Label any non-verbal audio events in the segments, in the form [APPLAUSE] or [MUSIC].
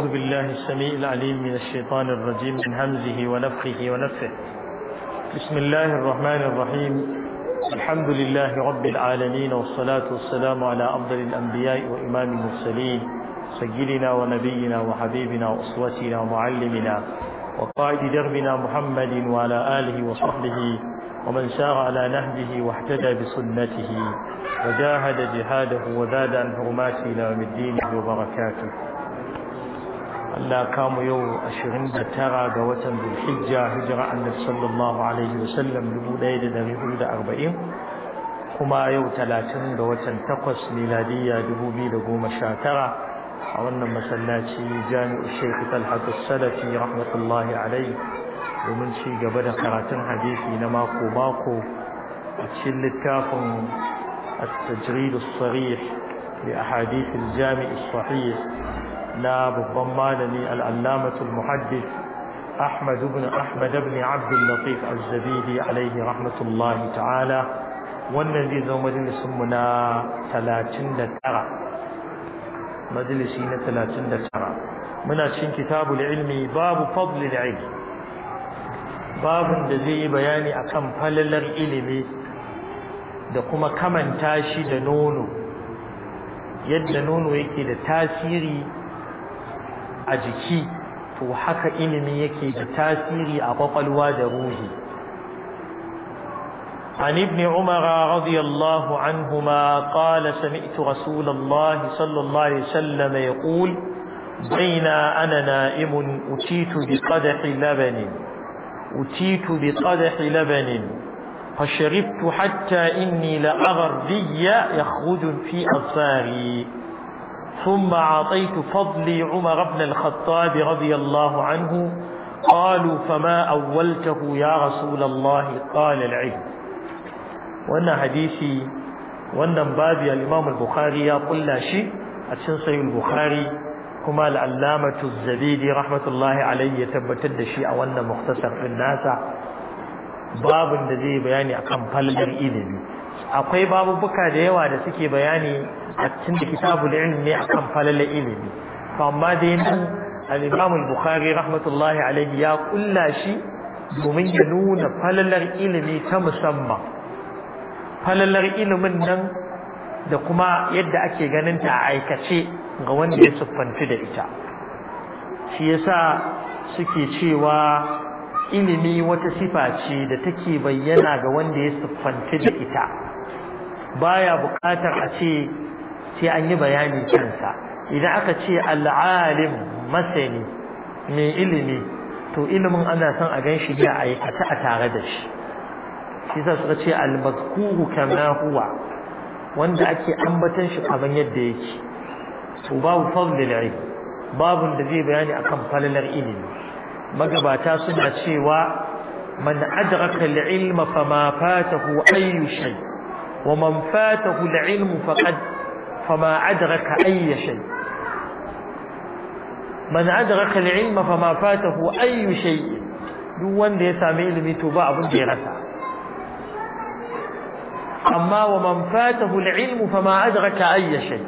أعوذ بالله السميع العليم من الشيطان الرجيم من همزه ونفخه ونفه بسم الله الرحمن الرحيم الحمد لله رب العالمين والصلاة والسلام على أفضل الأنبياء وإمام المرسلين سيدنا ونبينا وحبيبنا وأسوتنا ومعلمنا وقائد دربنا محمد وعلى آله وصحبه ومن سار على نهجه واحتدى بسنته وجاهد جهاده وزاد عن حرماته إلى يوم الدين وبركاته الله كام يوم أشرين دترى قوتا بالحجة هجرة أن صلى الله عليه وسلم لبولاية دريه إلى أربعين كما يوم تلاتين قوتا تقص ميلادية لبولي لقوم الشاترى وأن مسلاتي جامع الشيخ طلحة السلة رحمة الله عليه ومن شي قبل قراءة حديثي نماكو ماكو وتشل كافم التجريد الصريح لأحاديث الجامع الصحيح na babban malami al'allamatul muhaddis ahmad ibn ahmad ibn abdul latif al-zabidi alaihi rahmatullahi ta'ala wannan zai zama majalisun mu na 39 majalisi na 39 muna cikin kitabul ilmi babu fadlil ilmi babun da zai yi bayani akan falalar ilimi da kuma kamanta shi da nono yadda nono yake da tasiri a jiki to haka ilimi yake da tasiri a kwakwalwa da ruhi عن ابن عمر رضي الله عنهما قال سمعت رسول الله صلى الله عليه وسلم يقول بين أنا نائم أتيت بقدح لبن أتيت بقدح لبن فشربت حتى إني لأغردي يخرج في أظفاري ثم أعطيت فضلي عمر بن الخطاب رضي الله عنه قالوا فما أولته يا رسول الله قال العلم وأن حديثي وأن بابي الإمام البخاري يقول لا شيء أتسنسي البخاري كما العلامة الزبيدي رحمة الله عليه يتبتد شيء وأن مختصر في الناس باب الذي بياني أكم فلدر إذن akwai babubuka da yawa da suke bayani a cikin da kitabul ilm ne akan falala ilimi to amma dai nan al-Imam bukhari rahmatullahi alayhi ya kulla shi domin ya nuna falalar ilimi ta musamman falalar ilimin nan da kuma yadda ake ganin ta a aikace ga wanda ya siffanci da ita shi yasa suke cewa ilimi wata sifa ce da take bayyana ga wanda ya siffanci da ita baya buƙatar a ce sai an yi bayani kansa idan aka ce al'alim masani mai ilimi to ilimin ana son a gan shi a aikata a tare da shi shi sa suka ce al-mazkuru kama huwa wanda ake ambatan shi kaman yadda yake to babu fadlil ilmi babu da zai bayani akan falalar ilimi magabata suna cewa man adraka al-ilma fama fatahu ayyu shay' ومن فاته العلم فقد فما أدرك أي شيء من أدرك العلم فما فاته أي شيء دون ليس علمي تباع بجرسة أما ومن فاته العلم فما أدرك أي شيء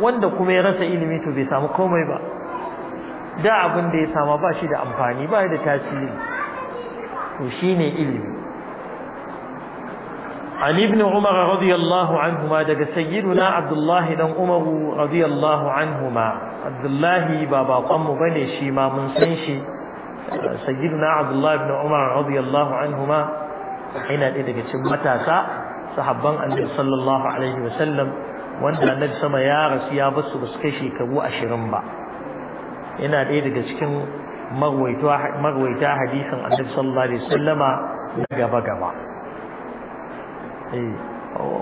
وان kuma ya rasa ilimi to bai samu komai ba da abin da ya sama ba shi da amfani ba da tasiri to shine ilimi عن ابن عمر رضي الله عنهما دق سيدنا عبد الله بن عمر رضي الله عنهما عبد الله بابا قم بني شي ما من سنشي سيدنا عبد الله بن عمر رضي الله عنهما حين دق شمتا سا صحبا النبي صلى الله عليه وسلم wanda annabi sama ya rasu ya بس basu kai shekaru ashirin ba yana ɗaya daga cikin marwaita hadisin annabi sallallahu alaihi wasallama na gaba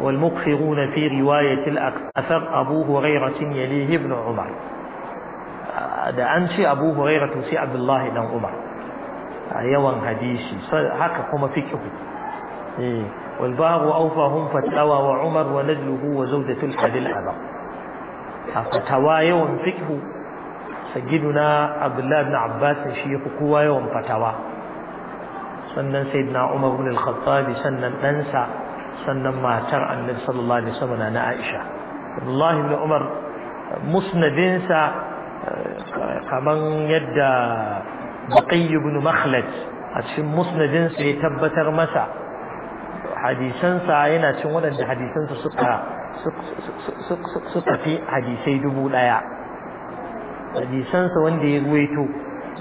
والمكفرون في رواية الأثر أبو هريرة يليه ابن عمر da an ce abu huraira to sai abdullahi dan umar a yawan hadisi haka kuma fiqh eh wal bahu awfahum fatawa wa umar wa najluhu wa zawjatul hadil aba fatawa yawan fiqh sayyiduna abdullahi ibn abbas shi yafi yawan fatawa sannan umar sannan ɗansa sannan matar annabi sallallahu alaihi wasallam na Aisha Abdullah ibn Umar musnadinsa eh, kaman yadda Baqi ibn Makhlad a cikin musnadinsa ya tabbatar masa hadisansa yana cin waɗanda hadisansa suka suka fi hadisai dubu ɗaya hadisansa wanda ya ruwaito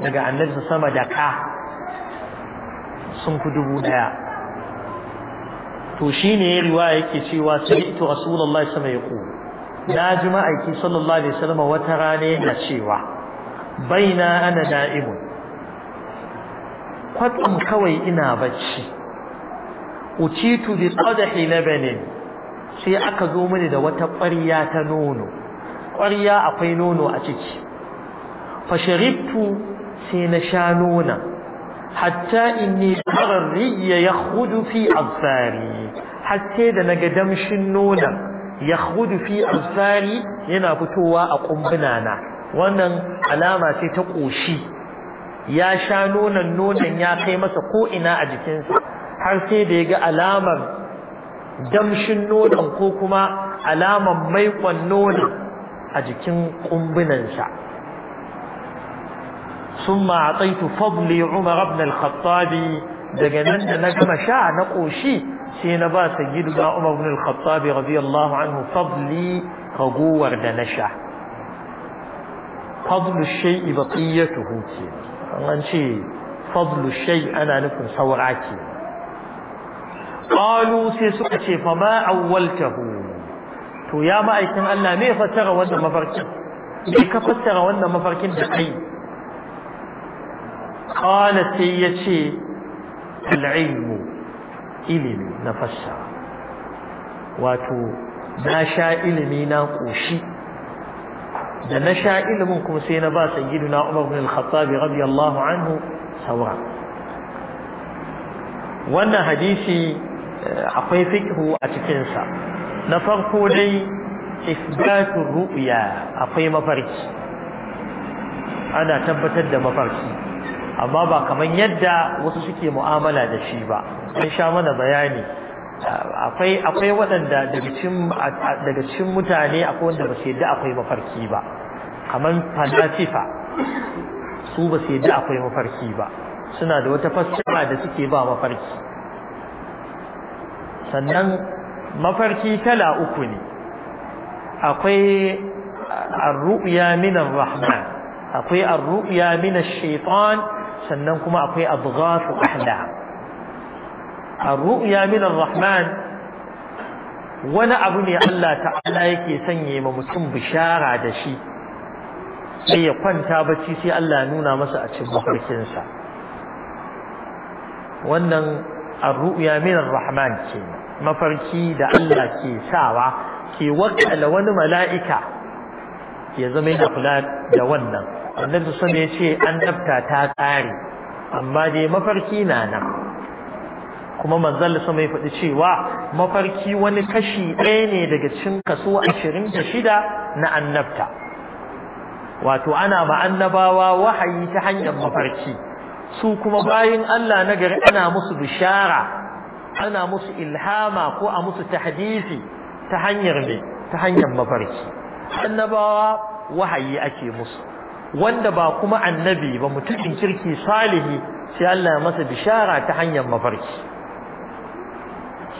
daga annabi sama da ka sun fi dubu ɗaya to shine riwaya yake cewa sami'tu rasulullahi sallallahu alaihi wasallam na ji ma'aiki sallallahu alaihi wasallam wata rana yana cewa baina ana da'imun kwatsam kawai ina bacci ucitu bi qadahi labanin sai aka zo mini da wata ƙwarya ta nono ƙwarya akwai nono a ciki fasharibtu sai na sha nonon hatta inni harar riya ya hudu fi absari hatta da naga damshin nonon ya hudu fi absari yana fitowa a kumbuna na wannan alama ce ta ƙoshi ya sha nonon nonon ya kai masa ko'ina ina a jikinsa har sai da ya ga alamar damshin nonon ko kuma alamar maiƙon nonon a jikin kumbunansa ثم أعطيت فضلي عمر بن الخطاب دجنن نجم شاع نقوشي سينا با سيدنا عمر بن الخطاب رضي الله عنه فضلي رجوور دنشا فضل الشيء بقيته أنشي فضل الشيء أنا نكون صورعتي قالوا سيسكتي فما أولته تو يا ما أيتم ألا مي فتر وانا مفركين مي كفتر وانا مفركين دقيق قال سيتي العلم ilimi na fassa, wato na sha ilimi na ƙoshi da na sha ilimin kuma sai na ba sayyidu na umar bin al-khattabi radiyallahu anhu saura wannan hadisi akwai fiqhu a cikin sa na farko dai isbatu ru'ya akwai mafarki ana tabbatar da mafarki amma ba kaman yadda wasu suke mu'amala da shi ba sun sha mana bayani akwai akwai waɗanda daga cikin daga cikin mutane akwai wanda ba su yadda akwai mafarki ba kaman falasifa su ba su yadda akwai mafarki ba suna da wata fassara da suke ba mafarki sannan mafarki kala uku ne akwai ar-ru'ya min ar-rahman akwai ar-ru'ya min ash-shaytan sannan kuma akwai abghasu ahla ar-ru'ya min ar-rahman wani abu ne Allah ta'ala yake sanye ma mutum bishara da shi sai ya kwanta bacci sai Allah ya nuna masa a cikin mafarkinsa wannan ar-ru'ya min ar-rahman ce mafarki da Allah ke sawa ke wakala wani mala'ika ya zama yana kula da wannan annabi sun ya ce annabta ta tsare amma dai mafarki na nan kuma manzal sun mai faɗi cewa mafarki wani kashi ɗaya ne daga cikin kaso ashirin da shida na annabta wato ana ma annabawa wahayi ta hanyar mafarki su kuma bayin Allah na gari ana musu bishara ana musu ilhama ko a musu tahdisi ta hanyar ne ta hanyar mafarki annabawa wahayi ake musu wanda ba kuma annabi ba mutumin kirki salihi sai Allah masa bishara ta hanyar mafarki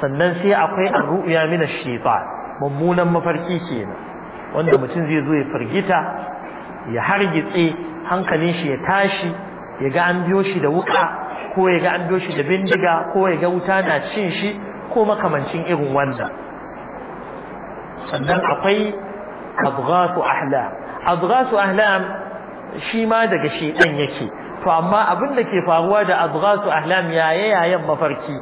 sannan sai akwai arru'ya min ash-shaytan mummunan mafarki kenan wanda mutum zai zo ya firgita ya hargitse hankalin shi ya tashi ya ga an biyo shi da wuka ko ya ga an biyo shi da bindiga ko ya ga wuta na cin shi ko makamancin irin wanda sannan akwai abghasu ahlam abghasu ahlam shi ma daga shedan yake to amma abin da ke faruwa da azghasu ahlam yaye yayan mafarki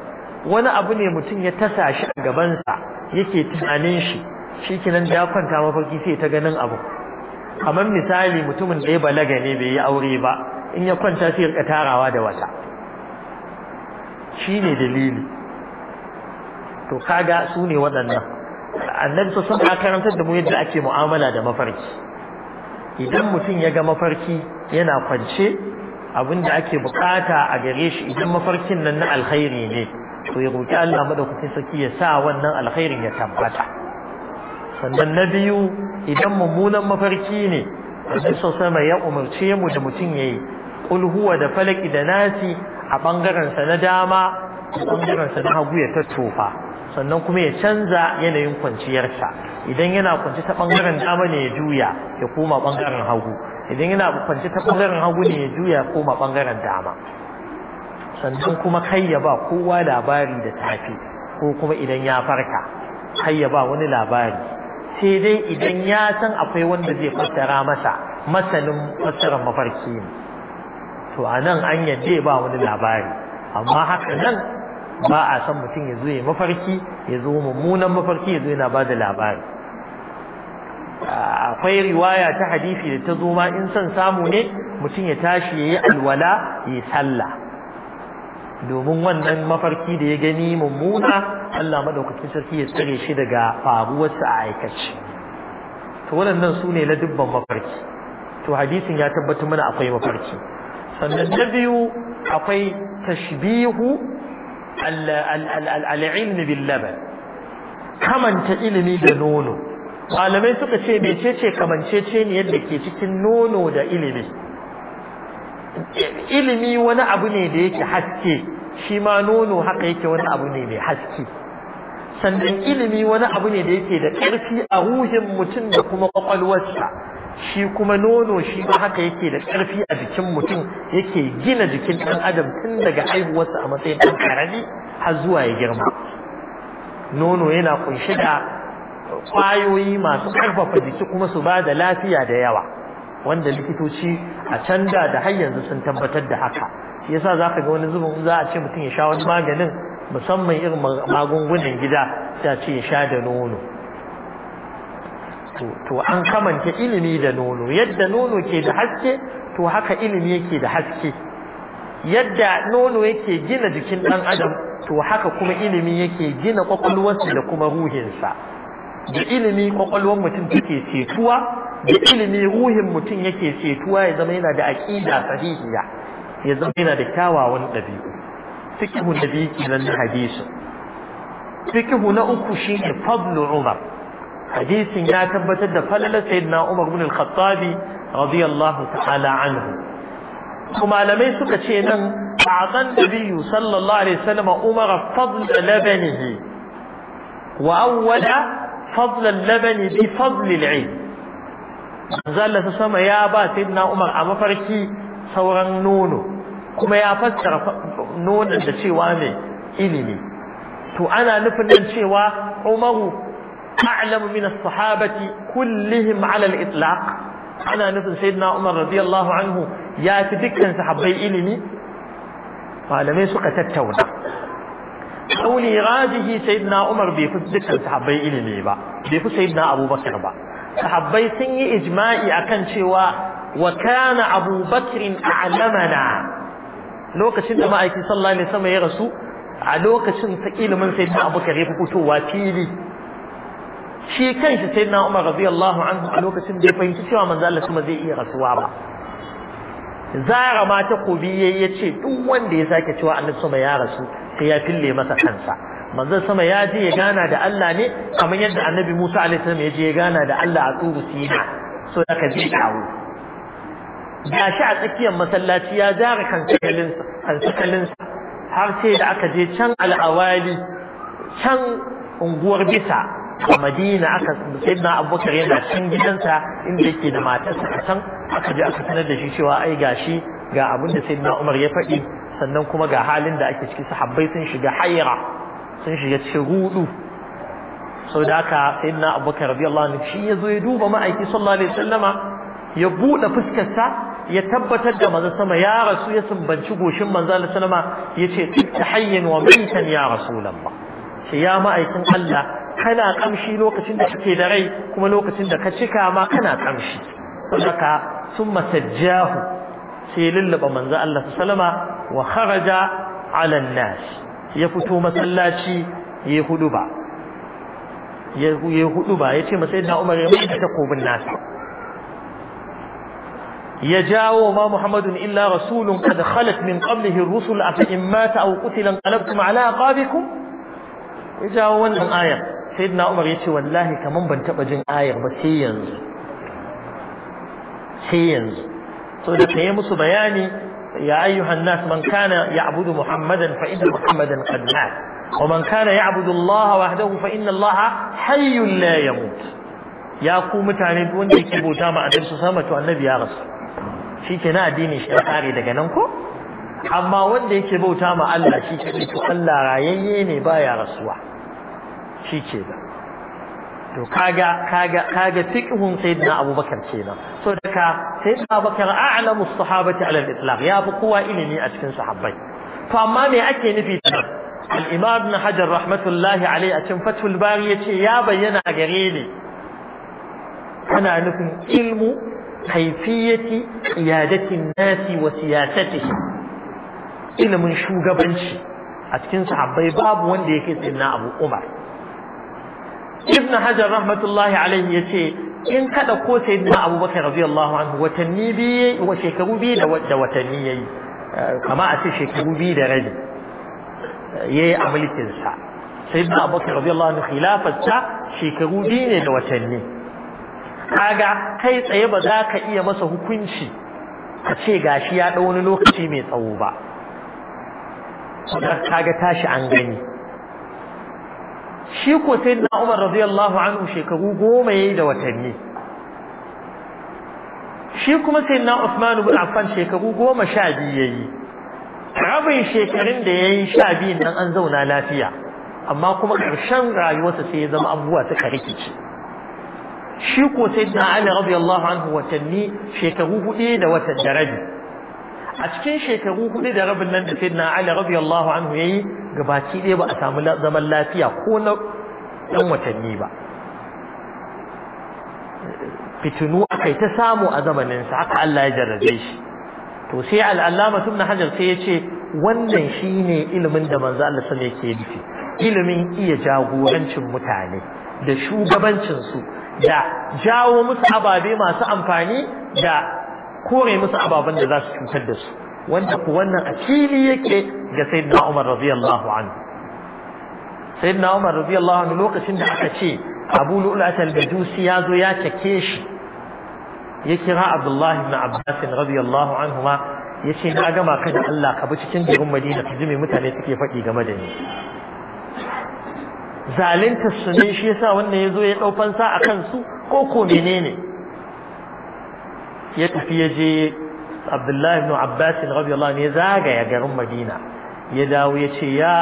wani abu ne mutum ya tasa shi a gabansa yake tunanin shi shikenan da kwanta mafarki sai ta ganin abu kamar misali mutumin da ya balaga ne bai yi aure ba in ya kwanta sai ya tarawa da wata shine dalili to kaga su ne waɗannan annabi sun karantar da mu yadda ake mu'amala da mafarki idan mutum ya ga mafarki yana kwance abin da ake bukata a gare shi idan mafarkin nan na alkhairi ne to ya roki Allah madaukakin saki ya sa wannan alkhairin ya tabbata sannan na biyu idan mummunan mafarki ne sai mai ya umarce mu da mutum yayi qul huwa da falaki da nasi a bangaren sa na dama a bangaren sa na hagu ya tattofa sannan kuma ya canza yanayin kwanciyarsa idan yana kwance ta bangaren dama ne ya juya ya koma bangaren hagu idan yana kwance ta bangaren hagu ne ya juya ya koma bangaren dama sannan kuma kai ya ba kowa labari da safe ko kuma idan ya farka kai ya ba wani labari sai dai idan ya san akwai wanda zai fassara masa masanin fassarar mafarki ne to anan an yadda ba wani labari amma haka nan ba a san mutum ya zo ya mafarki ya zo mummunan mafarki ya zo yana ba da labari akwai riwaya ta hadisi da ta zo ma in son samu ne mutum ya tashi ya yi alwala ya yi sallah domin wannan mafarki da ya gani mummuna Allah madaukakin sarki ya tsare shi daga faruwarsa a aikace to waɗannan su ne ladubban mafarki to hadisin ya tabbatar mana akwai mafarki sannan na biyu akwai tashbihu al'ilmi bin laban kamanta ilimi da nono malamai suka ce mecece kamancece ne yadda ke cikin nono da ilimi ilimi wani abu ne da yake haske shi ma nono haka yake wani abu ne mai haske sannan ilimi wani abu ne da yake da ƙarfi a ruhin mutum da kuma ƙwaƙwalwarsa shi kuma nono shi ma haka yake da ƙarfi a jikin mutum yake gina jikin ɗan adam tun daga haihuwarsa a matsayin ɗan karami har zuwa ya girma nono yana kunshe da ƙwayoyi masu ƙarfafa jiki kuma su ba da lafiya da yawa wanda likitoci a can da da har yanzu sun tabbatar da haka shi yasa ka ga wani zubin za a ce mutum ya sha wani maganin musamman irin magungunan gida ta ce sha da nono to an kamanta ilimi da nono yadda nono ke da haske to haka ilimi yake da haske yadda nono yake gina jikin ɗan adam to haka kuma ilimi yake gina kwakwalwarsa da kuma ruhinsa da ilimi kwakwalwar mutum take cetuwa da ilimi ruhin mutum yake cetuwa ya zama yana da aƙida sahihiya ya zama yana da kyawawan ɗabi'u fiqhu da biyu kenan na hadisin fiqhu na uku shine fadlu umar hadisin ya tabbatar da falalar sayyidina umar ibn al-khattabi radiyallahu ta'ala anhu Ku malamai suka ce nan a'tan nabiyyu sallallahu alaihi wasallam umar fadl labanihi wa فضل اللبن بفضل العلم manzo Allah sama ya ba sayyidina Umar a mafarki sauran nono kuma ya fassara nonon da cewa ne ilimi to ana nufin nan cewa umaru a'lamu min as-sahabati kullihim 'ala al-itlaq ana nufin sayyidina umar radiyallahu anhu ya fi dukkan sahabbai ilimi malamai suka tattauna kauli rajihi sayyidina umar bai fi dukkan sahabbai ilimi ba bai fi sayyidina abubakar ba sahabbai sun yi ijma'i akan cewa wa kana abubakar a'lamana lokacin da ma'aikin sallah ne sama ya rasu a lokacin sa ilimin sai na abu kare fitowa fili shi kanshi sai na umar allahu anhu a lokacin da ya fahimci cewa manzo Allah kuma zai iya rasuwa ba zara ma ta kobi yayi ce duk wanda ya sake cewa annabi sama ya rasu sai ya fille masa kansa manzo sama ya je ya gana da Allah ne kamar yadda annabi Musa alaihi ya je ya gana da Allah a tsuru Sina so ya ka ji dawo ga shi a tsakiyar masallaci ya jara kansakalinsa har sai da aka je can al'awali can unguwar bisa a madina aka na abubakar yana can gidansa inda yake da matarsa a can aka je aka sanar da shi cewa ai shi ga abin da na umar ya faɗi sannan kuma ga halin da ake ciki sahabbai sun shiga hayra sun shiga cikin rudu sau da aka na abubakar radiyallahu anhu shi ya zo ya duba ma'aiki sallallahu alaihi wasallama ya buɗe fuskarsa ya tabbatar da manzon sama ya rasu ya sumbanci goshin manzon Allah sallama yace tahayyan wa maitan ya rasulullah shi ya ma'aikin Allah kana kamshi lokacin da kake da rai kuma lokacin da ka cika ma kana kamshi saka summa sajjahu sai lullaba manzon Allah sallama wa kharaja ala nas ya fito masallaci ya huduba ba ya hudu yace masa Umar ya mai takobin nasa يا يجاو ما محمد إلا رسول قد خلت من قبله الرسل أفإن مات أو قتل انقلبتم على أقابكم يجاو وانا آية سيدنا عمر يتي والله كمان بنتبه جن آية بس هينز هينز سيدة طيب تيمس بياني يا أيها الناس من كان يعبد محمدا فإن محمدا قد مات ومن كان يعبد الله وحده فإن الله حي لا يموت يا قومتان وانت كبوتا ما أدرس سامة النبي يا رسول shi ke na addinin shi ya daga nan ko amma wanda yake bauta ma Allah shi ke to Allah rayayye ne baya rasuwa shi ke da to kaga kaga kaga fiqhun sayyidina Abubakar kenan so daga sayyidina Abubakar a'lamu as-sahabati 'ala al-itlaq ya fi kowa ilimi a cikin sahabbai to amma me ake nufi da al-Imam Ibn Hajar rahmatullahi alayhi a cikin Fathul Bari yace ya bayyana a gare ni ana nufin ilmu kaifiyati qiyadatin nasi wa siyasatihi ilimin shugabanci a cikin sahabbai babu wanda yake tsinna Abu Umar Ibn Hajar rahmatullahi alaihi yace in kada ko sayyidina Abubakar radiyallahu anhu watanni biyu wa shekaru biyu da watanni yayi eh, kama a shekaru biyu da rabi eh, yayi a mulkin sa sayyidina Abubakar radiyallahu anhu khilafarsa shekaru biyu ne da watanni kaga kai tsaye ba za ka iya masa hukunci ka ce gashi ya ɗau wani lokaci mai tsawo ba kaga tashi an gani shi ko sai na Umar radiyallahu anhu shekaru goma yayi da watanni shi kuma sai na Uthman ibn Affan shekaru goma sha biyu yayi rabin shekarun da yayi sha biyun nan an zauna lafiya amma kuma ƙarshen rayuwarsa sai ya zama abubuwa suka rikice shi ko sai da Ali radiyallahu anhu watanni shekaru hudu da watan daraja a cikin shekaru hudu da rabin nan da sai Ali radiyallahu anhu yayi gabaki ɗaya ba a samu zaman lafiya ko na ɗan watanni ba fitinu akai ta samu a zamanin zamaninsa haka Allah ya jarrabe shi to sai al'allama tun hajar sai ya ce wannan shine ilimin da manzo Allah wasallam yake nufi ilimin iya jagorancin mutane da shugabancin su da jawo musu ababe masu amfani da kore musu ababen da za su cutar da su wanda ku wannan a fili yake ga sayyidina Umar radiyallahu anhu sayyidina Umar radiyallahu anhu lokacin da aka ce Abu Lu'lu'at al-Bajusi ya zo ya cake shi ya kira Abdullah ibn Abbas radiyallahu anhu ma yace na gama ka da Allah ka bi cikin garin Madina ka ji mutane suke faɗi game da ni zalunta su ne shi yasa wannan ya zo ya ɗau fansa a kansu ko ko menene ya tafi ya je abdullahi ibn abbas radiyallahu anhu ya zagaya garin madina ya dawo ya ce ya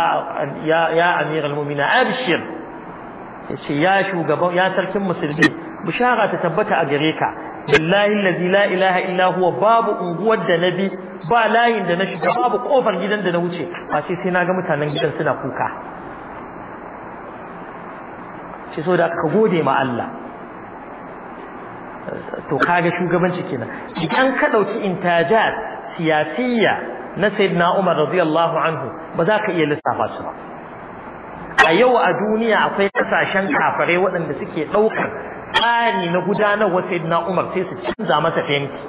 ya amir al-mu'mina abshir ya ce ya shugaban ya sarkin musulmi bishara ta tabbata a gare ka billahi allazi la ilaha illa huwa babu unguwar da nabi ba layin da na shiga babu kofar gidan da na wuce ba sai sai na ga mutanen gidan suna kuka ce da ka gode ma Allah to kaga shugabanci kenan idan ka dauki intajat siyasiyya na sayyidina Umar radiyallahu anhu ba za ka iya lissafa su ba a yau a duniya akwai kasashen kafare waɗanda suke ɗaukar tsari na gudanarwa sayyidina Umar sai su canza masa fenti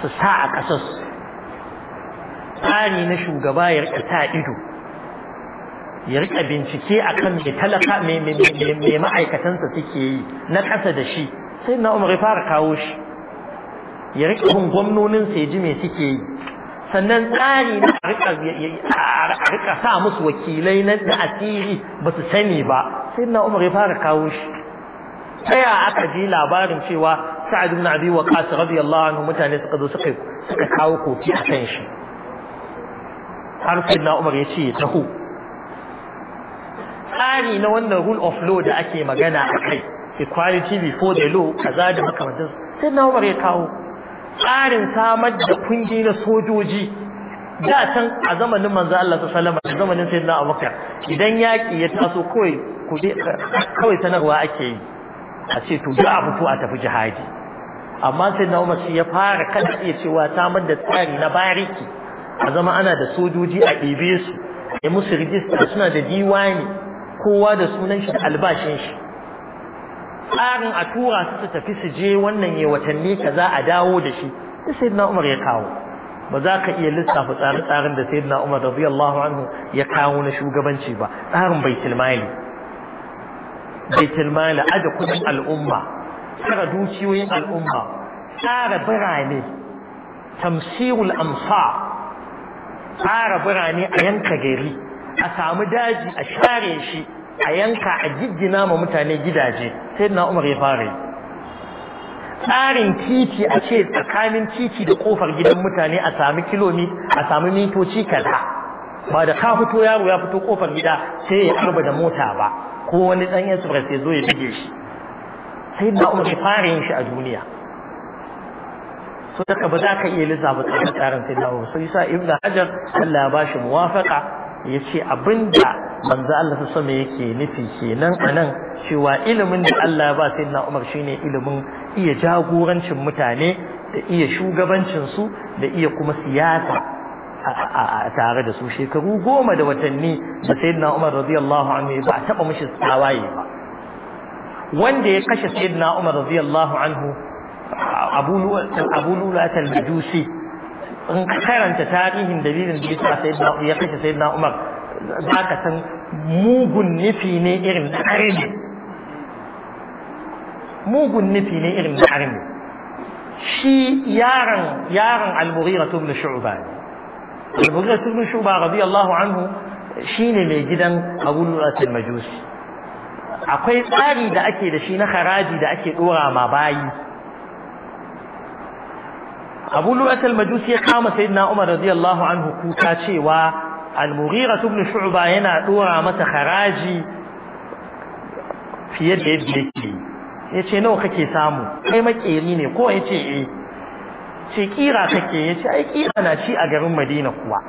su sa a ƙasar tsari na shugaba ya rika sa ido ya rika bincike akan me talaka mai ma'aikatansa suke yi na ƙasa da shi sai na umar ya fara kawo shi ya rika bin gwamnonin sai ji me suke yi sannan tsari na a rika sa musu wakilai na asiri ba su sani ba sai na umar ya fara kawo shi taya aka ji labarin cewa sa'ad ibn abi waqas radiyallahu anhu mutane suka zo suka kawo koki akan shi har sai na umar ya ce ya taho tsari na wannan rule of law da ake magana a kai equality before the law kaza da makamantar sai na umar ya kawo tsarin samar da kungi na sojoji da can a zamanin manzo Allah sallallahu alaihi zamanin sayyidina Abubakar idan yaki ya taso kawai kawai sanarwa ake yi a ce to da fito a tafi jihadi amma sayyidina Umar shi ya fara kada iya cewa samar da tsari na bariki a zama ana da sojoji a ɗebe su a musu rijista suna da diwani kowa da sunan shi da albashin shi tsarin a tura su su tafi su je wannan ya watanni ka za a dawo da shi da sayyidina Umar ya kawo ba za ka iya lissafa tsarin tsarin da sayyidina Umar radiyallahu anhu ya kawo na shugabanci ba tsarin baitul mali baitul mali aje kudin al'umma tsara dukiyoyin al'umma tsara birane tamsirul amsa tsara birane a yanka gari a samu daji a share shi a yanka a giggina ma mutane gidaje sai na umar ya fara yi tsarin titi a ce tsakanin titi da kofar gidan mutane a sami kilomi a sami mitoci kaza ba da ka fito yaro ya fito kofar gida sai ya arba da mota ba ko wani dan express ya zo ya bige shi sai na umar ya fara yin shi a duniya so daga ba za ka iya lissafa tsarin tsarin sai na umar so yasa ibnu hajar Allah ya bashi muwafaqa ya ce abinda manzo Allah su sama yake nufi kenan anan cewa ilimin da Allah ba sai na Umar shine ilimin iya jagorancin mutane da iya su da iya kuma siyasa a tare da su shekaru goma da watanni da sayyidina Umar radiyallahu anhu ba a taba mishi tsawaye ba wanda ya kashe sayyidina Umar radiyallahu anhu Abu Lulatul Majusi in karanta tarihin dalilin da yasa sayyidina ya kashe sayyidina Umar zaka san mugun nufi ne irin na arni mugun nufi ne irin na arni shi yaron yaron al-Mughira ibn Shu'ba al-Mughira ibn Shu'ba radiyallahu anhu shine mai gidan abun Lu'as al-Majusi akwai tsari da ake da shi na haraji da ake dora ma bayi abu lu'at al-majusi ya kama sayyidina umar radiyallahu anhu kuka cewa al-mughira ibn shu'ba yana dora masa haraji fiye da yadda yake yace nawa kake samu kai makeri ne ko yace eh ce kira kake yace ai kira na ci a garin Madina kuwa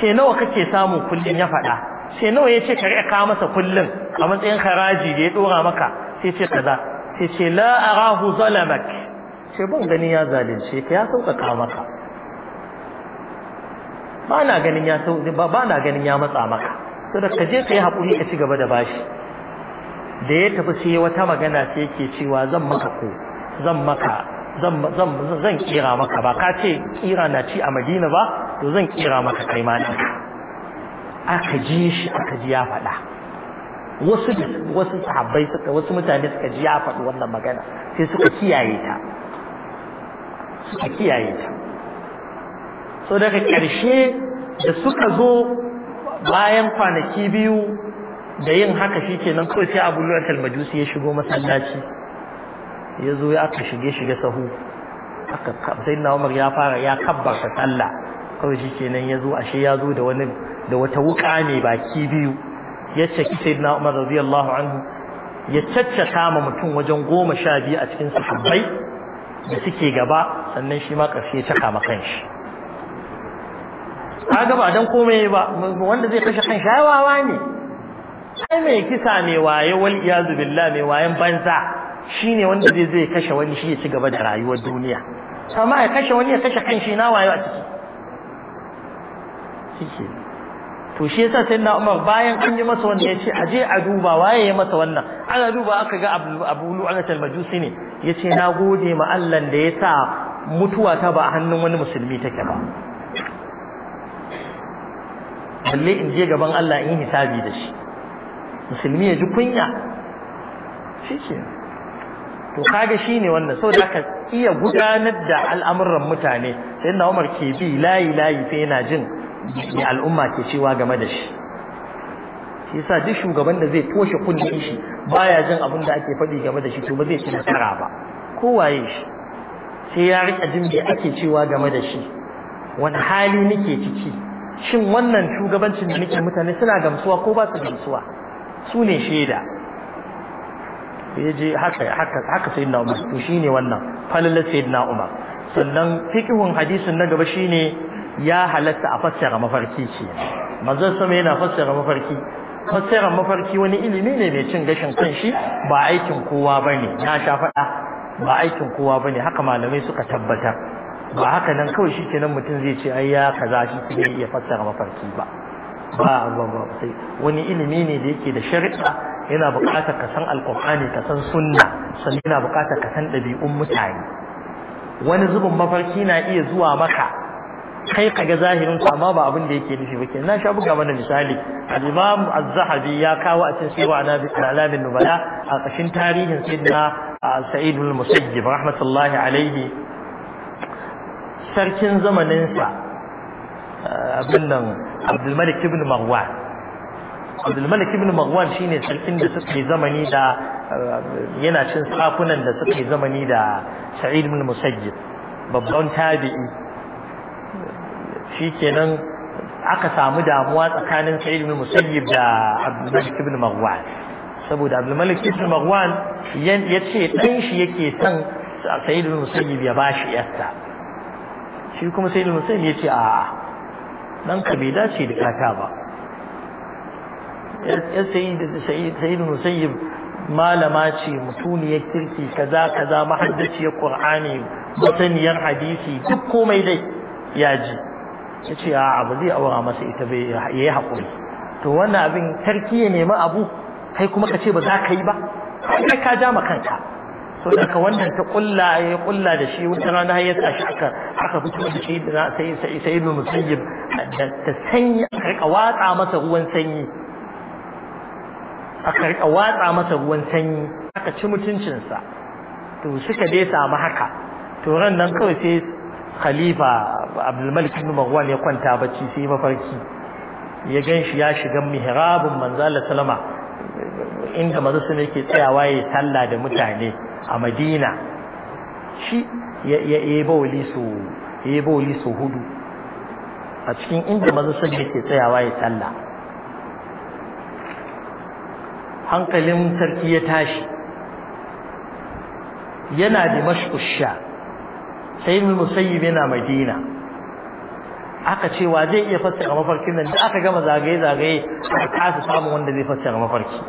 ce nawa kake samu kullun ya faɗa ce nawa yace ka masa kullun a matsayin haraji da ya dora maka sai ce kaza sai ce la arahu zalamak ce ban gani ya zalunce ka ya sauƙaƙa maka ba na ganin ya ba na ganin ya matsa maka to da ka je ka yi haƙuri ka ci gaba da bashi da ya tafi sai wata magana sai yake cewa zan maka ko zan maka zan kira maka ba ka ce kira na ci a madina ba to zan kira maka kai ma aka ji shi aka ji ya faɗa wasu wasu sahabbai suka wasu mutane suka ji ya faɗi wannan magana sai suka kiyaye ta a kiyaye ta so daga ƙarshe da suka zo bayan kwanaki biyu da yin haka shi nan kawai sai abu lura talmajusi ya shigo masallaci ya zo ya aka shige shige sahu aka sai na umar ya fara ya kabbarta sallah kawai shi nan ya zo ashe ya zo da wani da wata wuka ne baki biyu ya caki sai na umar radiyallahu anhu ya caccaka ma mutum wajen goma sha biyu a cikin sahabbai da suke gaba sannan shi ma ƙarshe caka ma kanshi kaga ba dan komai ba wanda zai kashe kanshi ai wawa ne ai mai kisa mai waye wal iyazu billah mai wayen banza shine wanda zai zai kashe wani shi ya ci gaba da rayuwar duniya amma ya kashe wani ya kashe kanshi na wayo a ciki shi to shi yasa sai na Umar bayan an yi masa wanda yace a je a duba waye ya masa wannan ana duba aka ga Abu Lu'anat al-Majusi ne yace na gode ma Allah da ya sa mutuwa ta ba a hannun wani musulmi take ba balle in je gaban Allah in hisabi da shi musulmi ya ji kunya shi ke to kaga shi ne wannan sau da aka iya gudanar da al'amuran mutane sai na umar ke bi layi layi sai yana jin me al'umma ke cewa game da shi shi yasa duk shugaban da zai toshe kunnen shi baya jin abin da ake faɗi game da shi to ba zai ci nasara ba kowaye shi sai ya rika jin da ake cewa game da shi wani hali nake ciki shin wannan shugabancin da nake mutane suna gamsuwa ko ba su gamsuwa su ne shaida ya je haka haka na Umar, Umar to shine wannan sai na Umar sannan fiqhun hadisin na gaba shine ya halatta a fassara mafarki ce manzon sama yana fassara mafarki fassara mafarki wani ilimi ne mai cin gashin kan shi ba aikin kowa bane ya sha faɗa ba aikin kowa ba ne haka malamai suka tabbatar ba haka nan kawai shi kenan mutum zai ce ai ya kaza shi ne iya fassara mafarki ba ba ba ba sai wani ilimi ne da yake da shari'a yana buƙatar ka san alƙur'ani ka san sunna sannan yana buƙatar ka san ɗabi'un mutane wani zubin mafarki na iya zuwa maka kai kaga zahirin ku amma ba abin da yake nufi ba kenan na sha buga mana misali al-imam az-zahabi ya kawo a cikin sirwa na alamin nubala a kashin tarihin sayyidina sa'id al-musayyib rahmatullahi alaihi sarkin zamanin sa eh, abin nan Abdul Malik ibn Marwan Abdul Malik ibn Marwan shine sarkin da suke zamani da eh, yana cin sakunan da suke zamani da Sa'id ibn Musayyib babban tabi'i shikenan aka samu damuwa tsakanin Sa'id ibn Musayyib da Abdulmalik ibn Marwan saboda Abdulmalik ibn Marwan ce dan shi yake son Sa'id ibn Musayyib ya bashi yarsa shi kuma Sa'id ibn Musayyib ce a dan ka bai dace da kaka ba Sa'id Sa'id ibn Musayyib malama ce mutuniyar kirki kaza kaza ya Qur'ani masaniyar hadisi duk komai dai ya ji ya ce a abu zai aura masa ita bai ya yi haƙuri to wannan abin sarki ya nemi abu kai kuma ka ce ba za ka yi ba kai ka ja ma kanka so da ka wannan ta kulla ya kulla da shi wata rana ya sa shi aka aka fito da shi da sai sai sai ibn da sanyi aka rika watsa masa ruwan sanyi aka rika watsa masa ruwan sanyi aka ci mutuncinsa to suka dai samu haka to ran nan kawai sai khalifa malik ibn marwan ya kwanta bacci sai mafarki ya gan shi ya shiga mihrabun manzala salama inda manzo sun yake tsayawa ya talla da mutane a Madina shi ya ya bawli su hudu a cikin inda manzo sun yake tsayawa ya talla hankalin sarki ya tashi yana da mashkusha sai mu musayyib yana madina aka ce wa zai iya fassara mafarkin nan da aka gama zagaye zagaye ka kasa samun wanda zai fassara mafarki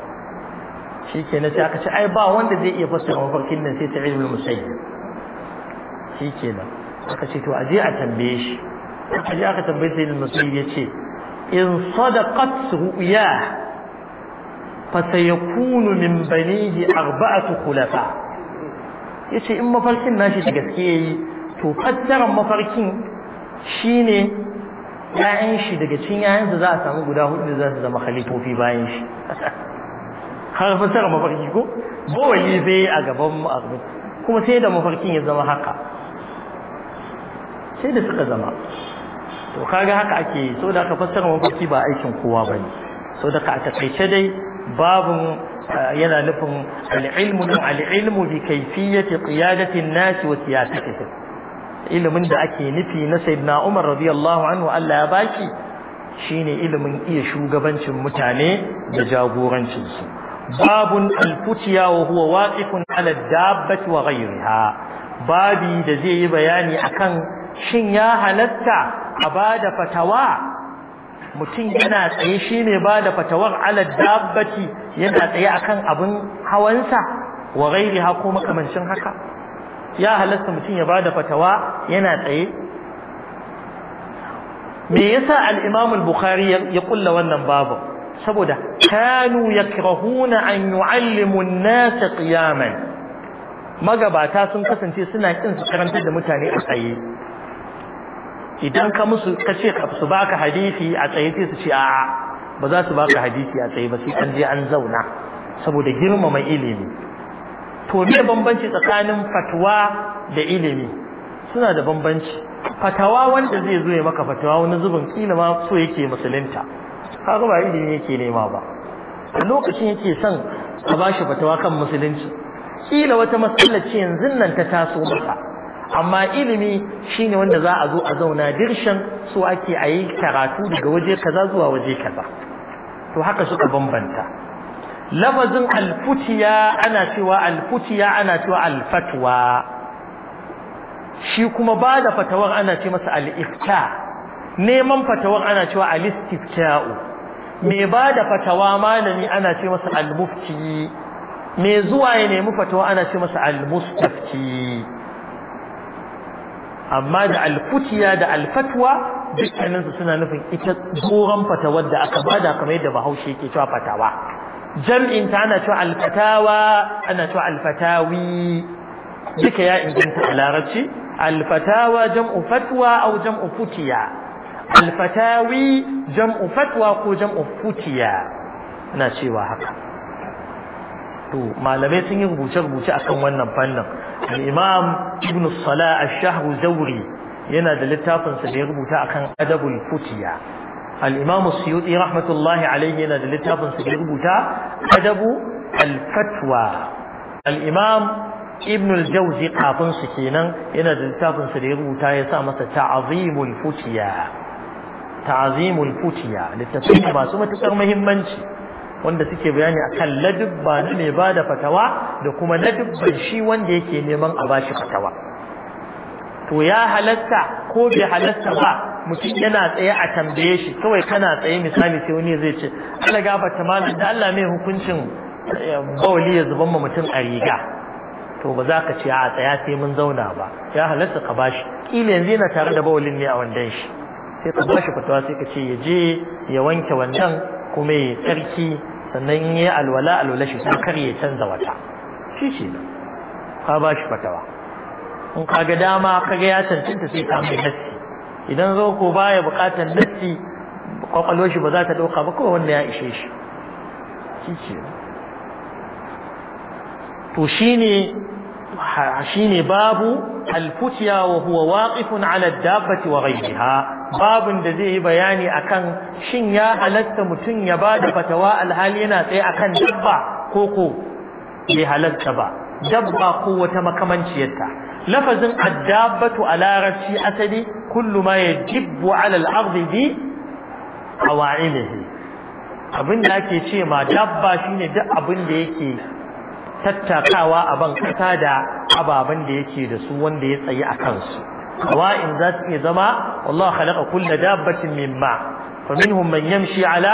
shikenan sai aka ce ai ba wanda zai iya fassara mafarkin nan sai ta ilmul musayyib shikenan aka ce to aje a tambaye shi aka je aka tambaye sai ilmul musayyib yace in sadaqat ru'ya fa sayakunu min banihi arba'atu khulafa yace in mafarkin nashi da gaske yayi to fassarar mafarkin shine ya'yan shi daga cikin su za a samu guda hudu da za su zama khalifofi bayan shi har fassarar mafarki ko bawali zai a gaban mu'arrif kuma sai da mafarkin ya zama haka sai da suka zama to kaga haka ake so da aka fassara mafarki ba aikin kowa bane so da ka takaice dai babun eh, yana nufin al-ilmu al-ilmu bi kayfiyati qiyadati an-nas wa siyasatihim ilimin da ake nufi na sayyidina Umar radiyallahu anhu Allah ya baki shine ilimin iya shugabancin mutane da jagorancin su babun alfutiya wa huwa waqifun ala dabbati wa ghayriha babi da zai yi bayani akan shin ya halatta a bada fatawa mutum yana tsaye shine bada fatawar ala dabbati yana tsaye akan abin hawansa wa ghayriha ko makamancin haka ya halasta mutum ya bada fatawa yana tsaye me yasa al-Imam al-Bukhari ya kulla wannan babu saboda kanu yakrahuna an yu'allimu an-nas qiyaman magabata sun kasance suna kin su karantar da mutane a tsaye idan ka musu ka ce ka su baka hadisi a tsaye sai su ce a'a ba za su baka hadisi a tsaye ba sai an je an zauna saboda girmama ilimi to me bambanci tsakanin fatwa da ilimi suna da bambanci fatawa wanda zai zo ya maka fatawa wani zubin kila ma so yake musulunta kaga ba ilimi yake nema ba lokacin yake son ka shi fatawa kan musulunci kila wata matsala ce yanzu nan ta taso maka amma ilimi shine wanda za a zo a zauna dirshan so ake ayi karatu daga waje kaza zuwa waje kaza to haka suka bambanta lafazin alfutiya ana cewa alfutiya ana cewa alfatwa shi kuma ba da fatawan ana ce masa al'ifta neman fatawan ana cewa alistifta'u mai ba da fatawa malami ana ce masa almufti mai zuwa ya nemi fatawa ana ce masa almustafti amma da alfutiya da alfatwa dukkaninsu suna nufin ita tsoron fatawar da aka bada kamar yadda bahaushe ke cewa fatawa jam'in ta ana cewa alfatawa ana cewa alfatawi duka ya inganta a larabci alfatawa jam'u fatwa au jam'u futiya alfatawi jam'u fatwa ko jam'u futiya ana cewa haka to malamai sun yi rubuce-rubuce akan wannan fannin imam ibn salah ash zawri yana da littafinsa da ya rubuta akan adabul futiya al-imam rahmatullahi alayhi yana da littafin su rubuta adabu al-fatwa al-imam ibn al-jawzi kafin su kenan yana da littafinsa su da rubuta ya sa masa ta'zimul futiya Littattafi futiya masu matukar muhimmanci wanda suke bayani akan ladubba na mai bada fatawa da kuma ladubban shi wanda yake neman a bashi fatawa to ya halatta ko bai halatta ba mutum yana tsaye a tambaye shi kawai kana tsaye misali sai wani zai ce Allah gafarta malam da Allah mai hukuncin eh, bawali ya zuban ma mutum a riga to ba za ka ce a tsaya sai mun zauna ba ya halatta ka bashi kila yanzu yana tare da bawalin ne a wandan shi sai ka bashi fatawa sai ka ce ya je ya wanke wandan kuma ya tsarki sannan ya yi alwala alwala shi sai kar ya canza wata shi shi ka bashi fatawa in kaga dama kaga ya cancanta sai ka mai nasi idan zoko baya bukatar latti, kwakwalwar shi ba za ta ɗauka ba kowa wanda ya ishe shi Kike. to shine shine babu alfutiya wa huwa waqifun ala dabbati wa ghayriha babun da zai yi bayani akan shin ya halatta mutum ya bada fatawa alhali yana tsaye akan dabba ko bai halatta ba dabba ko wata makamanciyarta lafazin addabatu a larabci asali kullu ya jibbu alal arziki a awa'inihi abin da ake ce ma dabba shine duk abin da yake tattakawa a ban kasa da ababen da yake da su wanda ya tsayi a kansu awa'in za su iya zama Allah halaka kulla dabbatin min ma فمنهم من يمشي على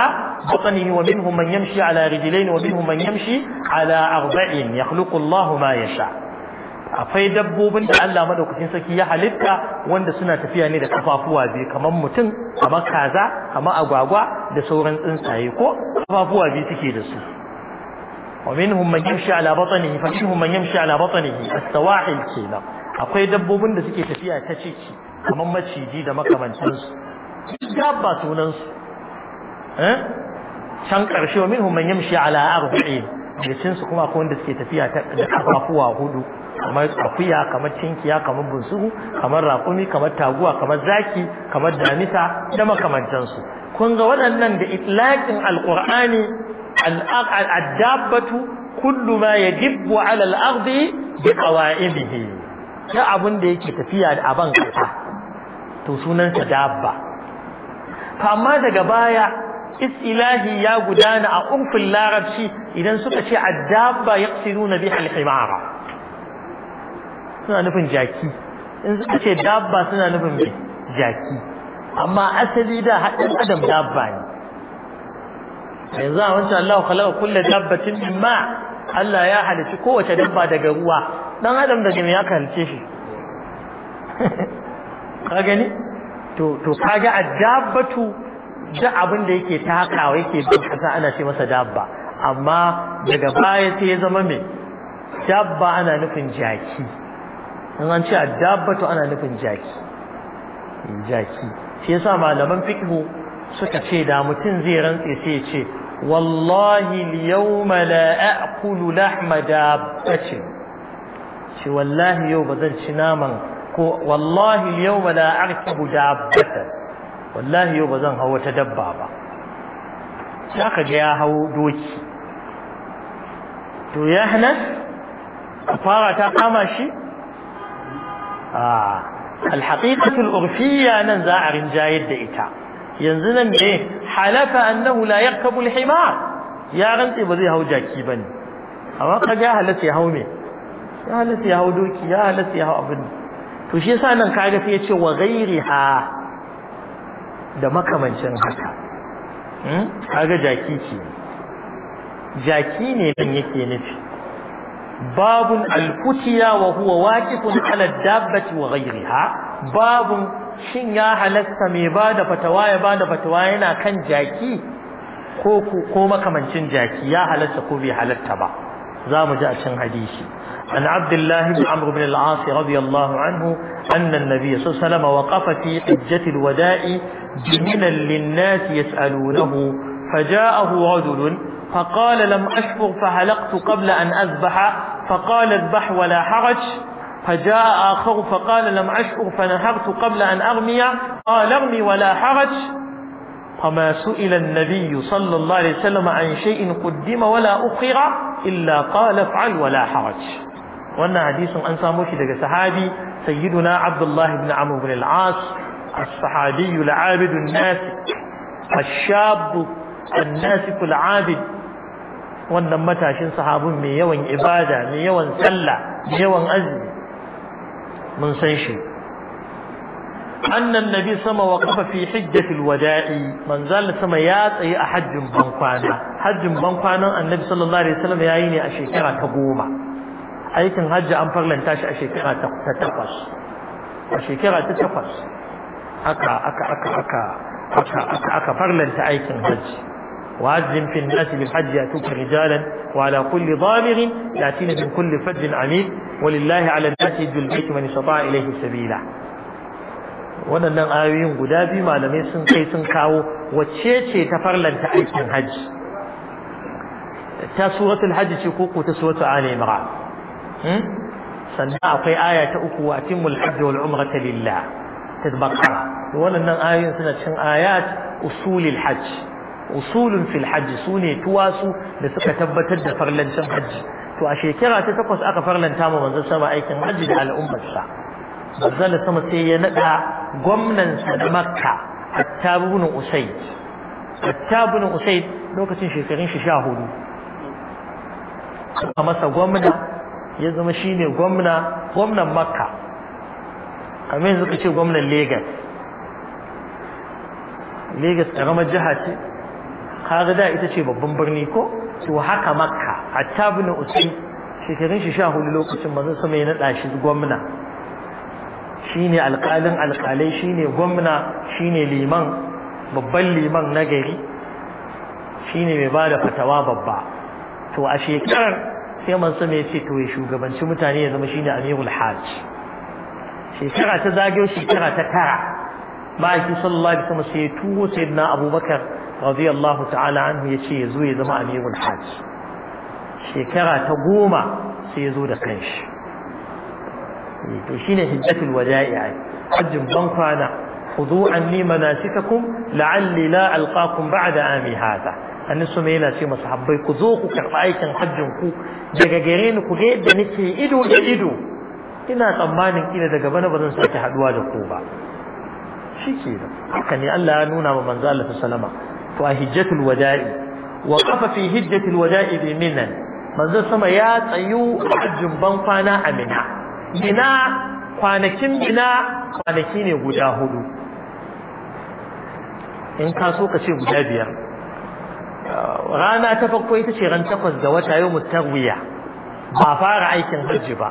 بطنه ومنهم من يمشي على رجلين ومنهم من يمشي على أربع يخلق الله ما يشاء akwai dabbobin da Allah madaukakin sarki ya halitta wanda suna tafiya ne da kafafuwa biyu kamar mutum kamar kaza kamar agwagwa da sauran tsuntsaye ko kafafuwa biyu suke da su wa minhum man yamshi ala batnihi fa minhum man yamshi ala batnihi as-sawahil kenan akwai dabbobin da suke tafiya ta ciki kamar maciji da su dabba sunan su eh can karshe wa minhum man yamshi ala arba'in da cinsu kuma akwai wanda suke tafiya da kafafuwa hudu kamar akuya kamar cinkiya kamar bunsuru kamar raƙumi kamar taguwa kamar zaki kamar damisa da makamantansu kun ga waɗannan da itlaqin alqur'ani al'addabatu kullu ma yajibbu ala al-ardi bi qawaidihi ya abun da yake tafiya a ban kasa to sunan sa dabba to amma daga baya istilahi ya gudana a umfil larabci idan suka ce addabba yaqsiduna biha al-himara suna nufin jaki in suka ce dabba suna nufin jaki amma asali da haɗin adam dabba ne yanzu a wancan Allah khalaqa kulle dabbacin min ma Allah ya halici kowace dabba daga ruwa dan adam daga me ya halice shi [LAUGHS] ka gani to to kaga addabatu da abin da yake takawa yake bin kasa ana ce masa dabba amma daga baya sai ya zama mai dabba ana nufin jaki in an ce addabatu ana nufin jaki jaki shi yasa malaman fiqhu suka ce da mutum zai rantse sai ya ce wallahi al-yawma la a'kulu lahma dabbatin shi wallahi yau bazan ci naman ko wallahi al-yawma la arkabu dabbatan wallahi yau bazan hawo ta dabba ba sai aka ga ya hawo doki to ya hana fara ta kama shi الحقيقة الأرفية ننزع رنجاية دئتا ينزل إيه حلف أنه لا يركب الحمار يا رنتي بذي هو جاكي بني أما قد يا هلتي هومي يا هلتي هو دوكي يا هلتي هو أبني to shi yasa nan kaga sai yace wa ghairiha da makamancin haka hmm kaga jaki ce jaki ne nan yake nufi babun alfutiya wa huwa waqifun ala dabbati wa ghayriha babun shin ya halatta mai bada fatawa ya bada fatawa yana kan jaki ko ko makamancin jaki ya halatta ko bai halatta ba za mu ji a cin hadisi an abdullahi bin amr bin al-as radiyallahu anhu anna an-nabiy sallallahu alaihi wasallam waqafa fi hajjati al-wada'i bi minan lin-nas yas'alunahu فجاءه رجل فقال لم أشفر فحلقت قبل أن أذبح فقال اذبح ولا حرج فجاء آخر فقال لم أشفر فنهرت قبل أن أرمي قال ارمي ولا حرج فما سئل النبي صلى الله عليه وسلم عن شيء قدم ولا أخر إلا قال افعل ولا حرج وأن حديث أنسى samo shi سيدنا عبد الله بن عمرو بن العاص الصحابي العابد الناسك الشاب الناسك العابد wannan matashin sahabin mai yawan ibada mai yawan sallah mai yawan azumi mun san shi annan nabi sama wa kafa fi hijjatil wada'i manzal sama ya tsaye a hajjin bankwana hajjin bankwanan annabi sallallahu alaihi wasallam yayi ne a shekara ta goma aikin hajji an farlanta shi a shekara ta takwas a shekara ta takwas aka aka aka aka aka aka farlanta aikin hajji وعزم في الناس بالحج يأتوك رجالا وعلى كل ضامر يأتين من كل فج عميل ولله على الناس يجو البيت من استطاع إليه سبيلا ونن نعم آيوين قدابي ما لم يسن قيسن كاو وشيشي تفر لن تأيك من حج تسورة الحج شكوك وتسورة آل إمراء سنة أقي آية تأكو وأتم الحج والعمرة لله تتبقى ونن نعم آيوين سنة شن آيات أصول الحج usulun fil hajji su tuwasu da suka tabbatar da farlancin hajji to a shekara ta takwas aka farlanta ma manzon sama aikin hajji da al'ummarsa manzon sama sai ya nada gwamnan sa da makka attabun usayd attabun usayd lokacin shekarun shi 14 a masa gwamna ya zama shine gwamna gwamnan makka kamar yanzu ka ce gwamnan lagos Legas ƙaramar jiha ce kaga da ita ce babban birni ko to haka makka hatta bin usayn shekarun shi sha hudu lokacin manzo sama ya nada shi gwamna shine alƙalin alƙalai shine gwamna shine liman babban liman na gari shine mai bada fatawa babba to a shekarar sai sama ya ce to ya shugabanci mutane ya zama shine amirul hajj shekara ta zagayo shekara ta tara ba shi sallallahu alaihi wasallam sai tuwo sayyidina abubakar radiyallahu ta'ala anhu ya ce ya zo ya zama amirul hajj shekara ta goma sai ya zo da kanshi to shine hijjatul wada'i hajjin ban kwana خذوا عني مناسككم لعلي لا ألقاكم بعد عامي هذا أن سمينا شيء مصحبي كذوق كرأيك حجنكو دقاقرين كغير دنكي إدو إدو إنا طمان إنا دقبنا بدن ساكي حدوا دقوبا شي كده حقا أن لا نونا ومن زال في السلامة a وهجة الوداع وقف في هجة الوداع بمنى manzon sama ya tsayu hajjin ban kwana a Minna. mina kwanakin mina kwanaki ne guda hudu in ka so ka ce guda biyar rana ta farko ita ce ran takwas da wata yau mutarwiya ba a fara aikin hajji ba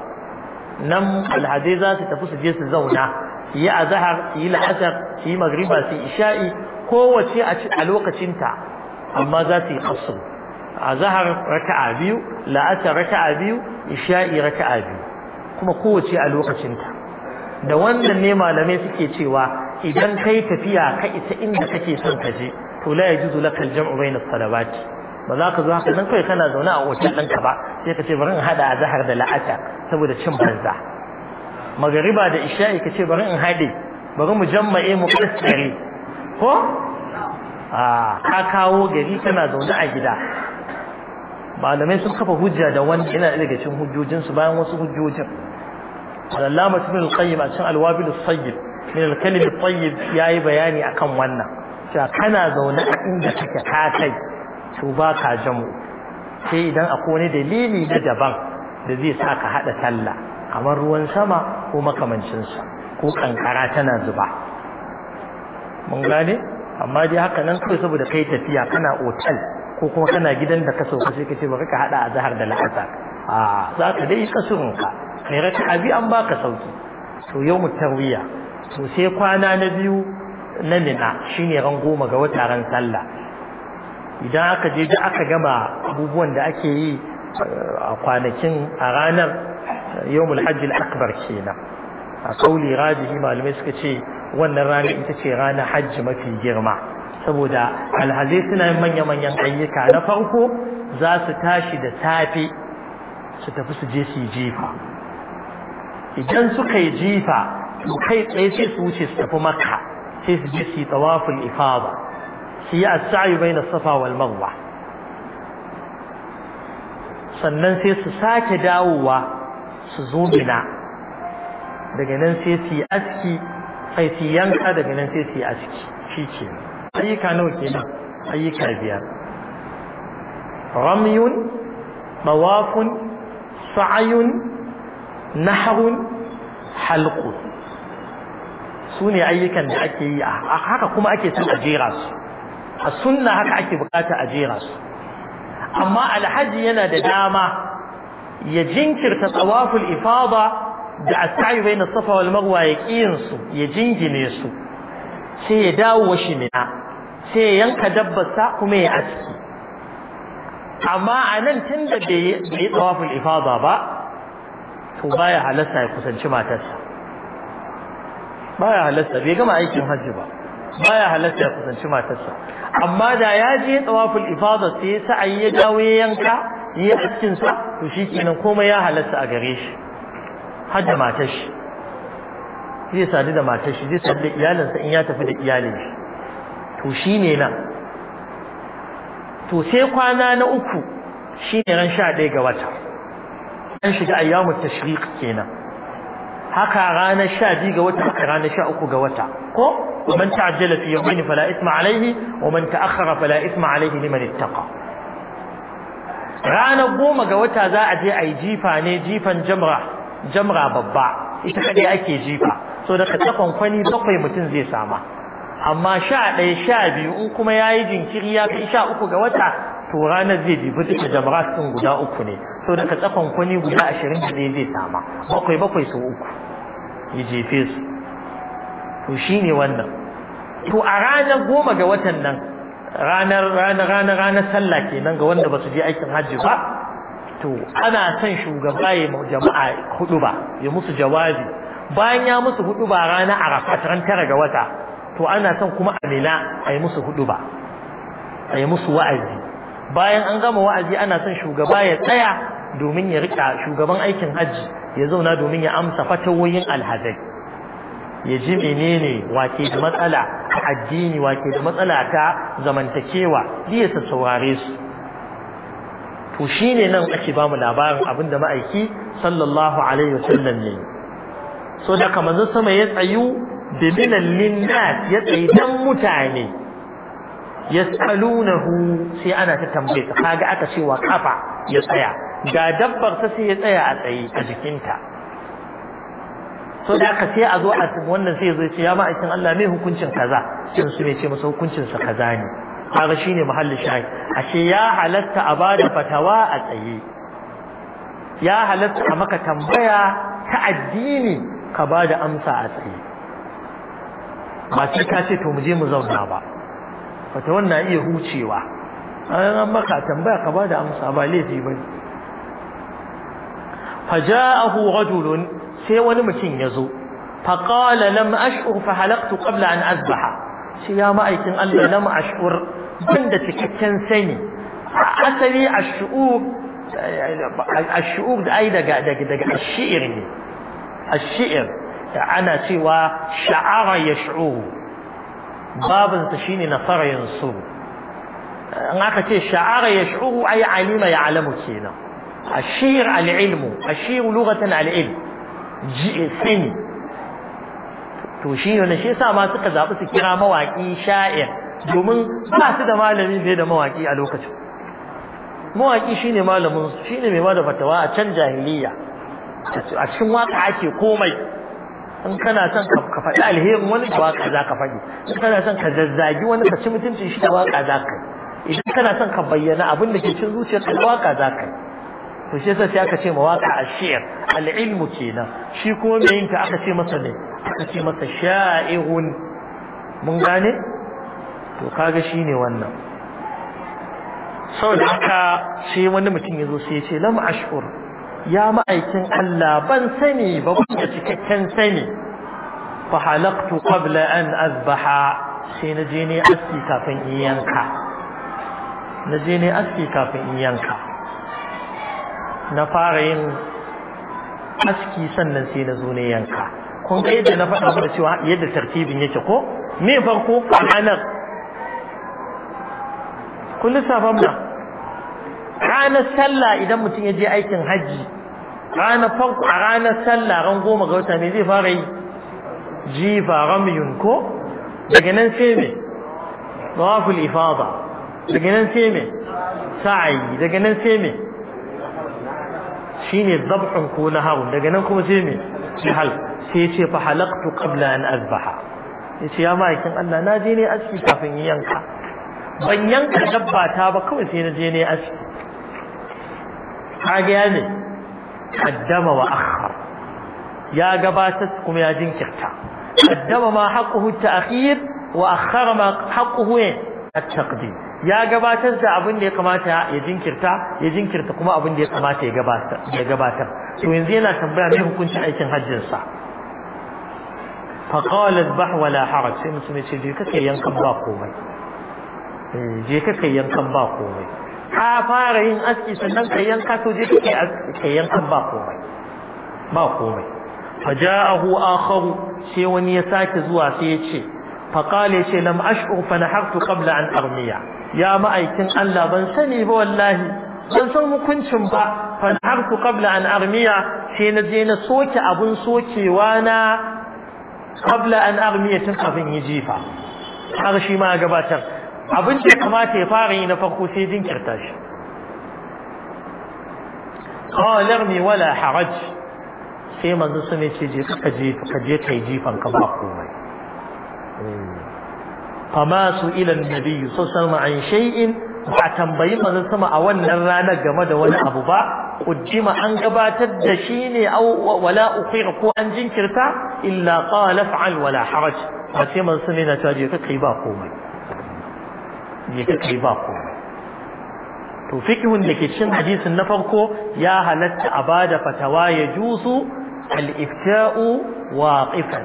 nan alhazai za su tafi su je su zauna yi azhar yi la'asar yi magriba sai isha'i kowace a lokacinta amma za su yi qasr azhar raka'a biyu la'asar raka'a biyu isha'i raka'a biyu kuma kowace a lokacinta da wannan ne malamai suke cewa idan kai tafiya ka isa inda kake son ka je to la yajuzu laka al-jam'u bayna as-salawati ba za ka zo haka nan kai kana zaune a hotel ɗinka ba sai ka ce bari in hada azhar da la'asar saboda cin banza magariba da isha'i ka ce bari in haɗe bari mu jamma'e mu kastare ko ka kawo gari tana zaune a gida malamai sun kafa hujja da wani yana daga cikin hujjojinsu bayan wasu hujjojin alallama ibn al-qayyim a cikin alwabin sayyid min al-kalim ya yi bayani a kan wannan cewa kana zaune a inda kake ka kai to ba ka jamu sai idan akwai wani dalili na daban da zai sa ka haɗa sallah kamar ruwan sama ko makamancinsa ko kankara tana zuba mun gane amma dai haka nan kai saboda kai tafiya kana otal ko kuma kana gidan da ka sauka sai ka ce bari ka hada azhar da la'asar a za ka dai kasurin ka kai raka abi an baka sauki to yawmu tarwiya to sai kwana na biyu na mina shine ran goma ga wata ran sallah idan aka je da aka gama abubuwan da ake yi eh, a kwanakin a ranar yawmul hajjil akbar kenan a kauli rajihi malamai suka ce wannan rana ita ce ranar hajji mafi girma saboda alhazai suna yin manya-manyan ayyuka na farko za su tashi da safe su tafi su je su yi jifa idan suka yi jifa to kai tsaye sai su wuce su tafi makka sai su je su yi tawaful ifada su yi as-sa'i bayna marwa sannan sai su sake dawowa su zo daga nan sai su yi aski sai su yanka daga nan sai su yi aski shi ke ayyuka nawa kenan ayyuka biyar ramyun Mawafun sa'ayun naharun halku su ne ayyukan da ake yi a haka kuma ake son a jera su a sunna haka ake bukata a jera su amma alhaji yana da dama ya jinkirta tawaful ifada da as'i baina safa wal marwa ya kiyin su ya jingine su sai ya dawo wa shi mina sai ya yanka dabbarsa kuma ya aski amma a nan tun da bai yi tawaful ifada ba to baya halasta ya kusanci matarsa baya halasta bai gama aikin hajji ba baya halasta ya kusanci matarsa amma da ya je tawaful ifada sai ya sa'ayi ya dawo ya yanka yi hakkin sa to shikenan komai ya halatta a gare shi har da matar shi zai sadu da matar shi zai sadu da iyalinsa in ya tafi da iyalin shi to shine nan to sai kwana na uku shi ne ran sha ɗaya ga wata an shiga ayyamut tashriq kenan haka ranar biyu ga wata haka ranar uku ga wata ko man ta'ajjala fi yawmin fala isma alayhi wa man ta'akhkhara fala isma alayhi liman ittaqa ranar goma ga wata za a je a yi jifa ne jifan jamra jamra babba ita kaɗai ake jifa so daga tsakon kwani bakwai mutum zai sama amma sha ɗaya sha biyu in kuma ya yi jinkiri ya kai sha uku ga wata to ranar zai jibi duka jamra sun guda uku ne so daga tsakon kwani guda ashirin da ɗaya zai sama bakwai bakwai su uku ya jefe su to shi ne wannan to a ranar goma ga watan nan ranar ranar ranar ranar sallah kenan ga wanda basu je aikin hajji ba to ana son shugaba ya jama'a hudu ba ya musu jawabi bayan ya musu hudu ba ranar arafat ran tara ga wata to ana son kuma a mina a yi musu hudu ba a yi musu wa'azi bayan an gama wa'azi ana son shugaba ya tsaya domin ya rika shugaban aikin hajji ya zauna domin ya amsa fatawoyin alhazai ya ji menene wake da matsala ta addini wake da matsala ta zamantakewa biya ta saurare su to shine nan ake ba mu labarin abin da ma'aiki sallallahu alaihi wasallam ne so da kamar sama ya tsayu da minan linnas ya tsayi dan mutane yas'alunahu sai ana ta tambaye kaga aka cewa kafa ya tsaya ga dabbar ta sai ya tsaya a tsaye a jikinta so da aka sai a zo a wannan sai zai ce ya ma'aikin Allah mai hukuncin kaza shin su mai ce masa hukuncin sa kaza ne kaga shine muhallin shahi ashe ya halatta a bada fatawa a tsaye ya halatta a maka tambaya ta addini ka bada amsa a tsaye ba sai ka ce to mu je mu zauna ba fatawan na iya hucewa an maka tambaya ka bada amsa ba laifi bane فجاءه رجل sai wani mutum ya zo faƙala lam ash'ur fa halaqtu qabla an azbaha shi ya ma'aikin Allah lam ash'ur ban da cikakken sani asali ash'ur ash'ur da ai daga daga daga ash'ir ne ash'ir ana cewa sha'ara yash'ur babinsa shine nasara yansuru in aka ce sha'ara ya shu'uru ai alima ya alamu kenan ashir al'ilmu ashir lughatan al'ilm ji to shi ne shi yasa ma suka zaɓi su kira mawaƙi sha'ir domin ba su da malami fiye da mawaƙi a lokacin mawaƙi shine malamin shine mai bada fatawa a can jahiliya a cikin waka ake komai in kana son ka faɗi alherin wani da waka za ka faɗi in kana son ka zazzagi wani ka ci mutuncin shi da waka za ka yi idan kana son ka bayyana abin da ke cin zuciyarka da waka za ka yi to shi yasa sai aka ce mawaka ashir al-ilmu kenan shi kuma me yinta aka ce masa ne aka ce masa sha'irun mun gane to kaga shine wannan saboda haka sai wani mutum ya zo sai ya ce lam ashur ya ma'aikin Allah ban sani ba ban da cikakken sani fa halaqtu qabla an azbaha sai na je ne aski kafin iyanka. yanka na je ne aski kafin iyanka. yanka na fara yin aski sannan sai na zo na yanka kun ga yadda na faɗa da cewa yadda tartibin yake ko me farko ranar kun lissafa mana ranar sallah idan mutum ya je aikin hajji ranar farko a ranar sallah ran goma ga wata ne zai fara yi jifa ramyun ko daga nan sai me dawaful ifada daga nan sai me sa'ayi daga nan sai me shine zabhun ko naharun daga nan kuma sai me hal sai ya ce fa halaktu qabla an azbaha ya ce ya ma'aikin Allah na je ne aski kafin yi yanka ban yanka dabba ta ba kawai sai na je ne aski kaga ya ne kaddama wa akhar ya gabatar kuma ya jinkirta kaddama ma haqquhu at-ta'khir wa akhara ma haqquhu at-taqdim ya gabatar da abin da ya kamata ya jinkirta ya jinkirta kuma abin da ya kamata ya gabatar ya to yanzu yana tambaya me hukuncin aikin hajjin sa fa dhbah wala haraj sai mutum ya ce je kake yankan ba komai eh, je kake yankan ba komai ka fara yin aski sannan kai yanka to je kake kai yankan ba komai ba komai fa akharu sai wani ya sake zuwa sai ya ce fa ya ce lam ash'ur fa nahartu qabla an armiya ya ma'aikin Allah ban sani ba wallahi ban san hukuncin ba fa harku qabla an armiya sai na je na soke abun sokewa na qabla an armiya tun kafin ya jifa har shi ma gabatar abin da kamata ya fara yi na farko sai jinkirta shi قال ارمي ولا حرج sai manzo sun ce je ka je kai jifan fama su ilan nabi sallallahu an shay'in ba tambayi manzon sama a wannan ranar game da wani abu ba kuddima an gabatar da shi ne aw wala uqira ko an jinkirta illa qala fa'al wala haraj sai manzon yana cewa kai ba komai je kai ba komai to fiqhun da ke cikin hadisin na farko ya halatta a bada fatawa ya jusu al-ifta'u waqifan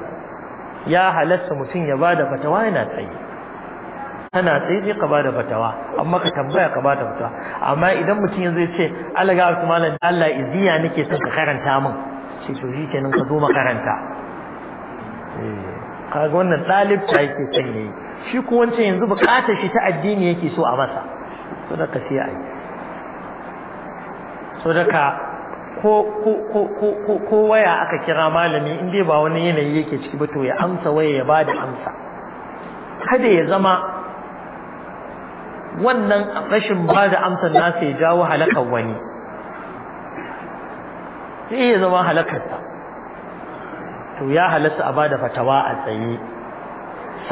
ya halatta mutum ya bada fatawa yana tsaye kana tsaye ka bada fatawa amma ka tambaya ka bada fatawa amma idan mutum yanzu ya ce Allah ga malam Allah iziya nake son ka karanta min shi to shi kenan ka zo makaranta eh, kaga wannan dalib ta yake son yayi shi ko wancan yanzu bukatar shi ta addini yake so a masa so da ka sai ai so da ka ko waya aka kira malami in dai ba wani yanayi yake ciki ba to ya amsa waya ya bada amsa kada ya zama wannan rashin ba da amsar nasa ya jawo halakar wani Sai iya zama halakarsa to ya halatta a ba da fatawa a tsaye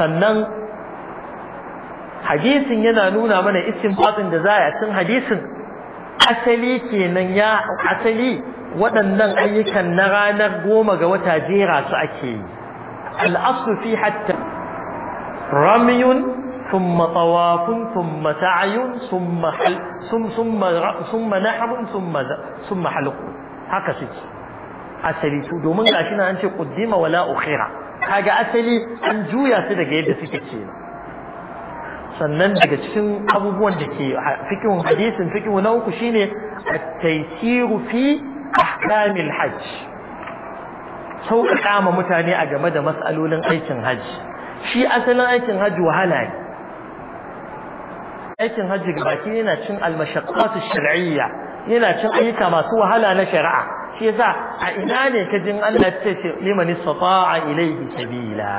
sannan hadisin yana nuna mana istinbatin da za a yi cin hadisin asali kenan ya asali waɗannan ayyukan na ranar goma ga wata jera su ake yi al'asufi fi hatta ramiyun ثم طواف ثم سعي ثم حل ثم ثم ثم نحر ثم ثم حلق haka suke asali su domin gashi na an ce kuddima wala ukhira kaga asali an juya su daga yadda suke ce sannan daga cikin abubuwan da ke fikihun hadisin fikihu na uku shine at-taysiru fi ahkamil hajj sauƙaƙa ma mutane a game da matsalolin aikin hajji shi asalin aikin hajji wahala ne aikin hajji ga baki yana cin almashaqqatu shar'iyya yana cin ayyuka masu wahala na shari'a shi yasa a ina ne ka jin Allah ce ce liman istata'a ilayhi sabila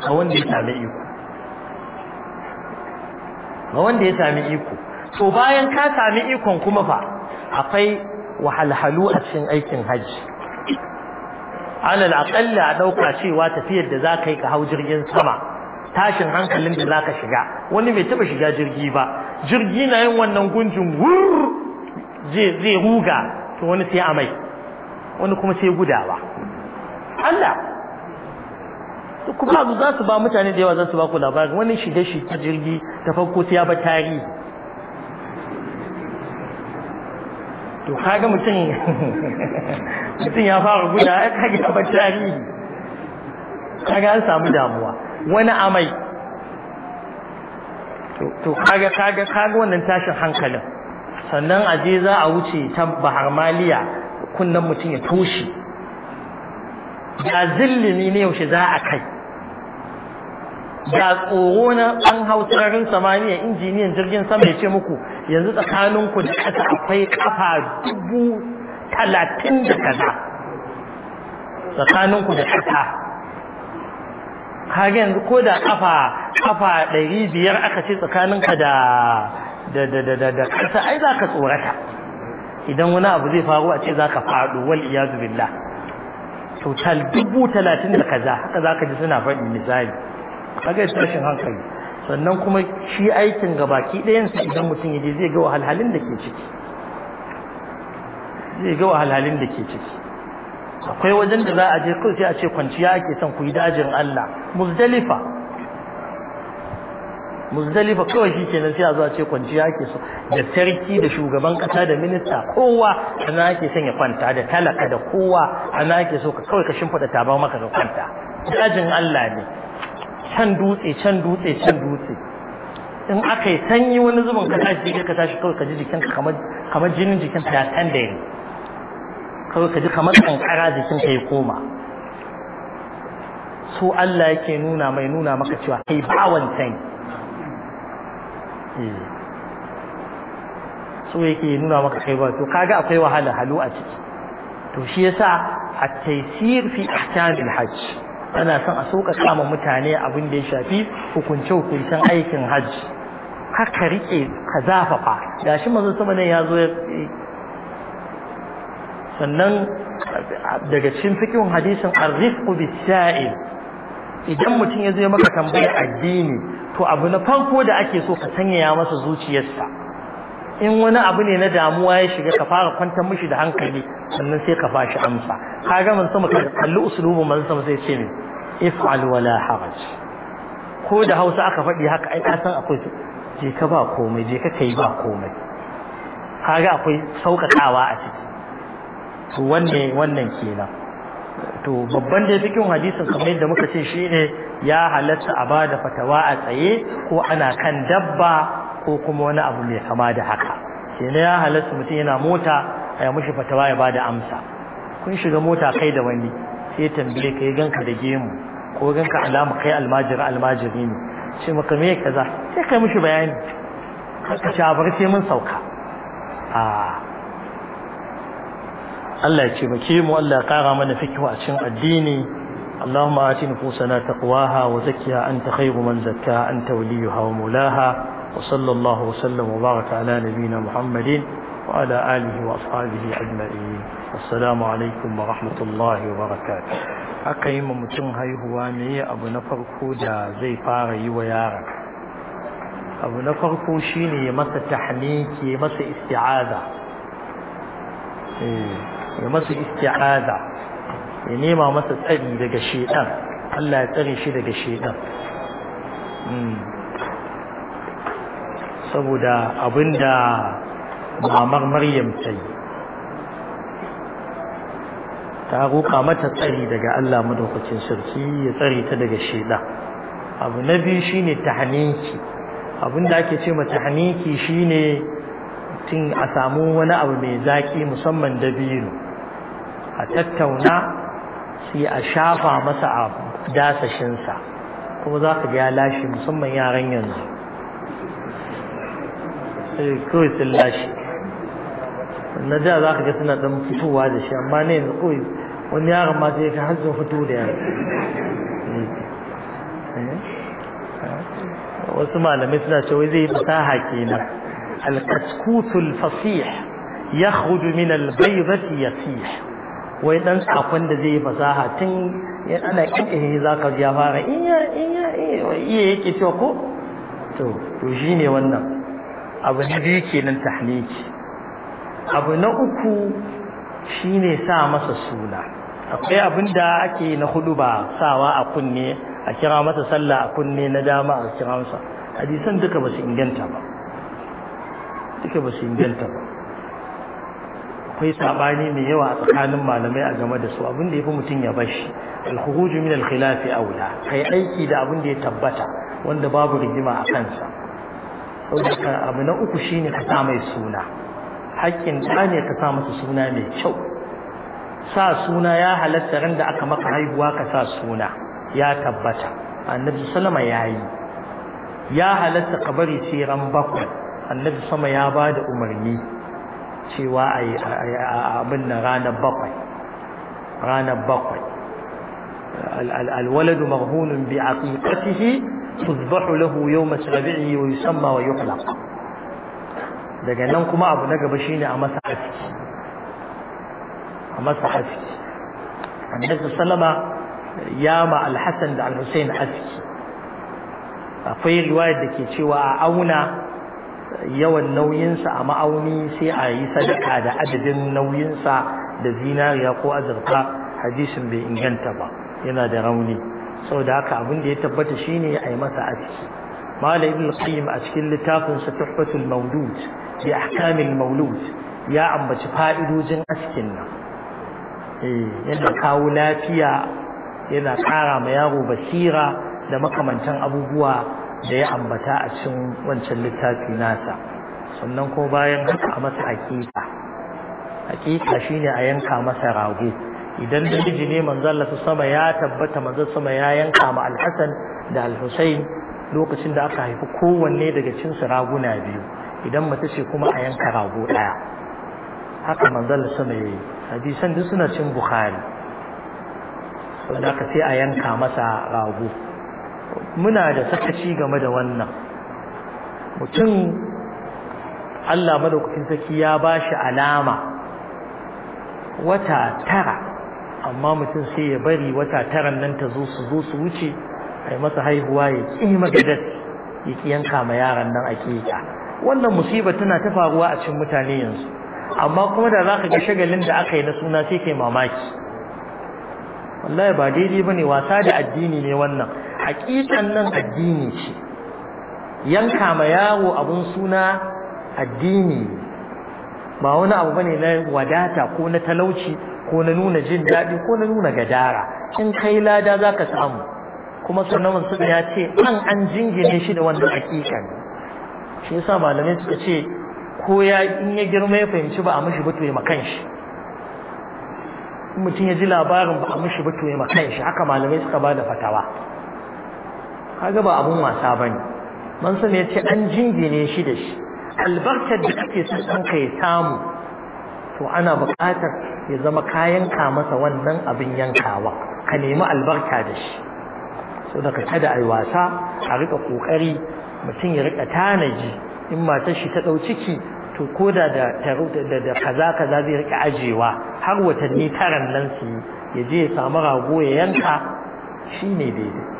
a wanda ya sami iko ga wanda ya sami iko to bayan ka sami ikon kuma fa akwai wahalhalu a cikin aikin hajji alal aqalla a dauka cewa tafiyar da za ka yi ka hau jirgin sama tashin hankalin da zaka shiga wani bai taba shiga jirgi ba jirgi na yin wannan gunjin wur zai ruga to wani sai amai wani kuma sai gudawa Allah kuma za su ba mutane da yawa za su ba ku labarin wani shige shi ta jirgi ta farko sai ya ba tari to kaga mutum [LAUGHS] mutum ya fara guda ya kage ba tari kaga an samu damuwa wani amai to kaga kaga kaga wannan tashin hankalin sannan aje je za a wuce ta baharmaliya kunnan mutum ya toshe ga zillini ne yaushe za a kai ga tsoro na an hau samaniya injiniyan jirgin sama ya ce muku yanzu tsakaninku da ƙasa akwai kafa dubu talatin da kaza tsakaninku da ƙasa kage yanzu ko da kafa kafa ɗari biyar aka ce tsakaninka da da da da da ƙasa ai za ka tsorata idan wani abu zai faru a ce za ka faɗo wal iyazu billah to dubu talatin da kaza haka za ka ji suna faɗi misali kaga tashin hankali sannan kuma shi aikin ga baki ɗayansa idan mutum ya je zai ga wahalhalin da ke ciki zai ga wahalhalin da ke ciki akwai wajen da za a je kawai sai a ce kwanciya ake son ku yi dajin Allah muzdalifa muzdalifa kawai shi kenan sai a zo a ce kwanciya ake so da sarki da shugaban kasa da minista kowa ana ake son ya kwanta da talaka da kowa ana ake so ka kawai ka shimfiɗa tabar maka ka kwanta dajin Allah ne can dutse can dutse can dutse in aka yi sanyi wani zubin ka tashi ka tashi kawai ka ji jikinka kamar jinin jikinka ya kan da kawai ka ji kamar kankara jikin ka ya koma su Allah yake nuna mai nuna maka cewa kai ba wancan. Eh. so yake nuna maka kai ba to kaga akwai wahala halu a ciki to shi yasa at-taysir fi ihkamil hajj ana son a sauƙaƙa ma mutane abin da ya shafi hukunce hukuncen aikin hajji haka rike ka zafafa gashi mazan sama ne ya zo sannan daga cikin fikin hadisin arziku bisa'il idan mutum ya zo maka tambaya addini to abu na farko da ake so ka sanyaya masa zuciyarsa in wani abu ne na damuwa ya shiga ka fara kwantar mishi da hankali sannan sai ka fashi amsa Ka ga mun sama ka kalli usulubu man sama sai ce ne if'al wala haraj ko da Hausa aka faɗi haka ai ka san akwai je ka ba komai je ka kai ba komai kaga akwai saukakawa a ciki to wanne wannan kenan to babban da cikin hadisin kamar yadda muka ce shine ya halatta a bada fatawa a tsaye ko ana kan dabba ko kuma wani abu mai kama da haka kenan ya halatta mutum yana mota a ya mushi fatawa ya bada amsa kun shiga mota kai da wani sai tambaye ka yi ganka da gemu ko ganka alama kai almajiri almajiri ne ce maka me kaza sai kai mushi bayani ka ci sai mun sauka a ah. Allah ya taimake mu Allah ya kara mana fikihu a cikin addini اللهم آت نفوسنا تقواها وزكها أنت خير من زكاها أنت وليها ومولاها وصلى الله وسلم وبارك على نبينا محمد وعلى آله وأصحابه أجمعين والسلام عليكم ورحمة الله وبركاته haka yi mutum haihuwa ne abu na farko da zai fara yi wa yaron abu na farko shine masa tahniki masa isti'aza Eh, ya masa isti'aza ya nema masa tsari daga shedan Allah ya tsare shi daga shedan hmm. saboda abinda mamar Maryam ta yi ta roƙa mata tsari daga Allah madaukakin sarki ya tsare ta daga shedan abu na biyu shine tahniki abinda ake ce ma tahniki shine mutum a samu wani abu mai zaƙi musamman dabino a tattauna sai a shafa masa a dasashinsa kuma za ka ga ya lashe musamman yaran yanzu eh, kawai sun lashe na da za ka ga suna ɗan fitowa da shi amma ne yanzu kawai wani yaron ma sai ka hajjin fito da yanzu eh, eh. wasu malamai suna cewa zai yi fasaha kenan الكتكوت الفصيح يخرج من البيضة يصيح wai dan ده da zai fasaha tun ana kiɗe za ka ya fara iya iya iya yake cewa ko to to shine wannan abu na biyu kenan tahliki abu na uku shine sa masa suna akwai abin da ake na hudu ba sawa a kunne a kira masa sallah a kunne na dama a kira masa hadisan duka ba su inganta ba duka ba su inganta ba akwai sabani mai yawa a tsakanin malamai a game da su abinda ya fi mutum ya bashi alhuhuju min alkhilafi aula kai aiki da abin da ya tabbata wanda babu rigima a kansa saboda abu na uku shine ka sa mai suna haƙƙin ɗa ne ka sa masa suna mai kyau sa suna ya halatta ran da aka maka haihuwa ka sa suna ya tabbata annabi sallama yi. ya halatta ka bari tseren ran bakwai annabi sama ya ba da umarni cewa a yi abin da ranar bakwai ranar bakwai alwaladu bi lahu wa daga nan kuma abu na gaba shine a masa aski a masa aski annabi sallama ya ma alhasan da alhusain aski akwai riwayar da ke cewa a auna yawan nauyinsa a ma'auni sai a yi sadaka da adadin nauyinsa da zinariya ko azurfa hadisin bai inganta ba yana da rauni Sau da haka abin da ya tabbata shi ne a yi masa aski malai ibn qayyim a cikin littafin sa tuhfatul mawlud bi ahkamil mawlud ya ambaci fa'idojin askin nan eh yana kawo lafiya yana kara ma yaro basira da makamantan abubuwa da ya ambata a cikin wancan littafi nasa sannan ko bayan haka a masa hakika hakika shine a yanka masa rago idan namiji ne manzo Allah sama ya tabbata manzo sama ya yanka ma al da al lokacin da aka haifi kowanne daga cikin su raguna biyu idan mace ce kuma a yanka rago daya haka manzo Allah sama yayi hadisan duk suna cin Bukhari saboda ka sai a yanka masa rago muna da sakaci game da wannan mutum Allah madaukakin saki ya ba shi alama wata tara amma mutum sai ya bari wata taran nan ta zo su zo su wuce a masa haihuwa ya ƙi magadar ya ƙi yanka ma yaran nan a ƙeƙa wannan musibar tana ta faruwa a cikin mutane yanzu amma kuma da za ka ga shagalin da aka yi na suna sai kai mamaki wallahi ba daidai ba ne wasa da addini ne wannan Hakikan nan addini ce yanka ma yawo abun suna addini ba wani abu bane na wadata ko na talauci ko na nuna jin daɗi ko na nuna gadara in kai lada za ka samu kuma sannan sun ya ce an an jingine shi da wannan hakikan shi yasa malamai suka ce ko ya in ya girma ya fahimci ba a mishi ba to ya makan shi mutum ya ji labarin ba a mishi ba to ya makan shi haka malamai suka ba da fatawa kaga ba abun wasa bane man san ya ce an jingine shi da shi albarkar da kake son kan kai samu to ana buƙatar ya zama kayan ka masa wannan abin yankawa ka nemi albarka da shi so daga kada ai wasa a rika kokari mutum ya rika tanaji in matar shi ta ɗau ciki to koda da da kaza kaza zai rika ajewa har watanni taran nan su ya je ya samu rago ya yanka shine daidai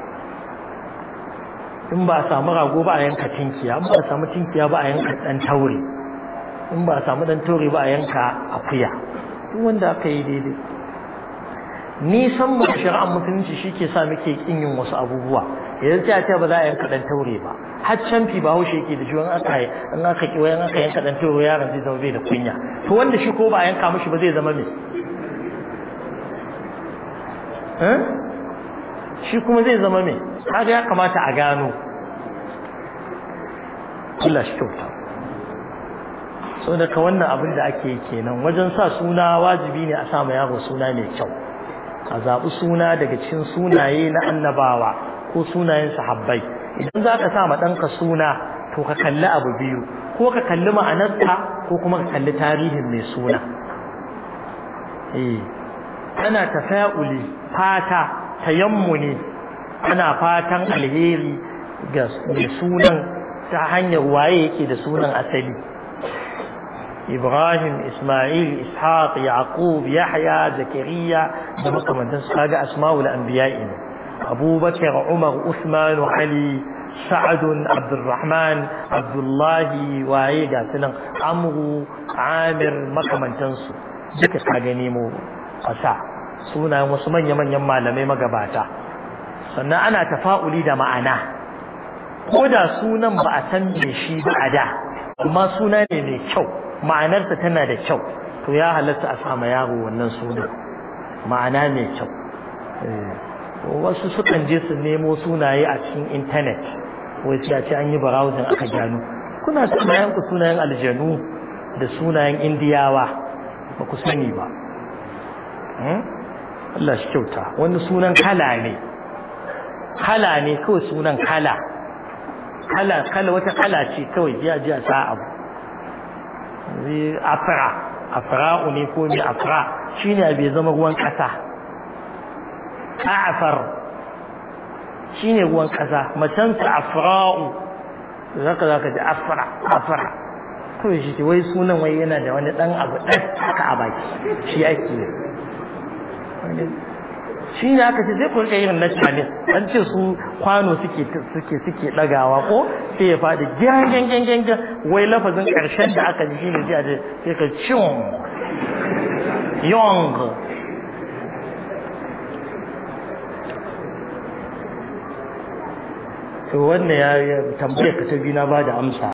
in ba a samu rago ba a yanka tinkiya in ba a samu tinkiya ba a yanka dan taure in ba a samu dan taure ba a yanka akuya duk wanda aka yi daidai nisan ba shari'ar musulunci shi ke sa muke kin yin wasu abubuwa idan sai a ce ba za a yanka dan taure ba har canfi ba haushe yake da shi wani aka in aka ki wani aka yanka dan taure yaron zai zama bai da kunya to wanda shi ko ba a yanka mishi ba zai zama me eh? shi kuma zai zama me kada ya kamata a gano kula shi kyauta so daga wannan abin da ake kenan wajen sa suna wajibi ne a sa ma yaro suna mai kyau a zaɓi suna daga cikin sunaye na annabawa ko sunayen sahabbai idan za ka sa ma ɗanka suna to ka kalli abu biyu ko ka kalli ma'anarsa ko kuma ka kalli tarihin mai suna eh ana tafa'uli fata tayammuni ana fatan alheri ga sunan ta hanyar waye yake da sunan asali ibrahim isma'il ishaq yaqub yahya zakariya da makamantan su kaga asma'ul anbiya'i ne abubakar umar usman ali سعد عبد الرحمن عبد الله waye ga sunan amru amir makamantansu duka ka gani fasa wasu manya-manyan malamai magabata sannan ana tafa'uli da ma'ana ko da sunan ba a san me shi ba a da amma suna ne mai kyau ma'anarsa tana da kyau to ya halatta a sama yaro wannan sunan ma'ana mai kyau eh, wasu sukan je su nemo sunaye a cikin intanet wace a ce an yi barawuzin aka gano kuna sunayen ku sunayen aljanu da sunayen indiyawa ba ku sani ba hmm? Allah shi kyauta wani sunan kala ne kala ne kawai sunan kala kala kala wata kala ce kawai biya biya sa abu afra afra'u ne ko mai afra shine bai zama ruwan kasa a'far ne ruwan kasa macen za ka za ka ji afra afra Kawai shi wai sunan wai yana da wani dan abu ɗan haka a baki shi ake shi ne aka ce zai ku rika irin na canin an ce su kwano suke suke suke dagawa ko sai ya fadi gyan gyan gyan gyan gyan wai lafazin karshen da aka ji shi ne sai sai ka chung yong to wanne ya tambaye ka ta bi na bada amsa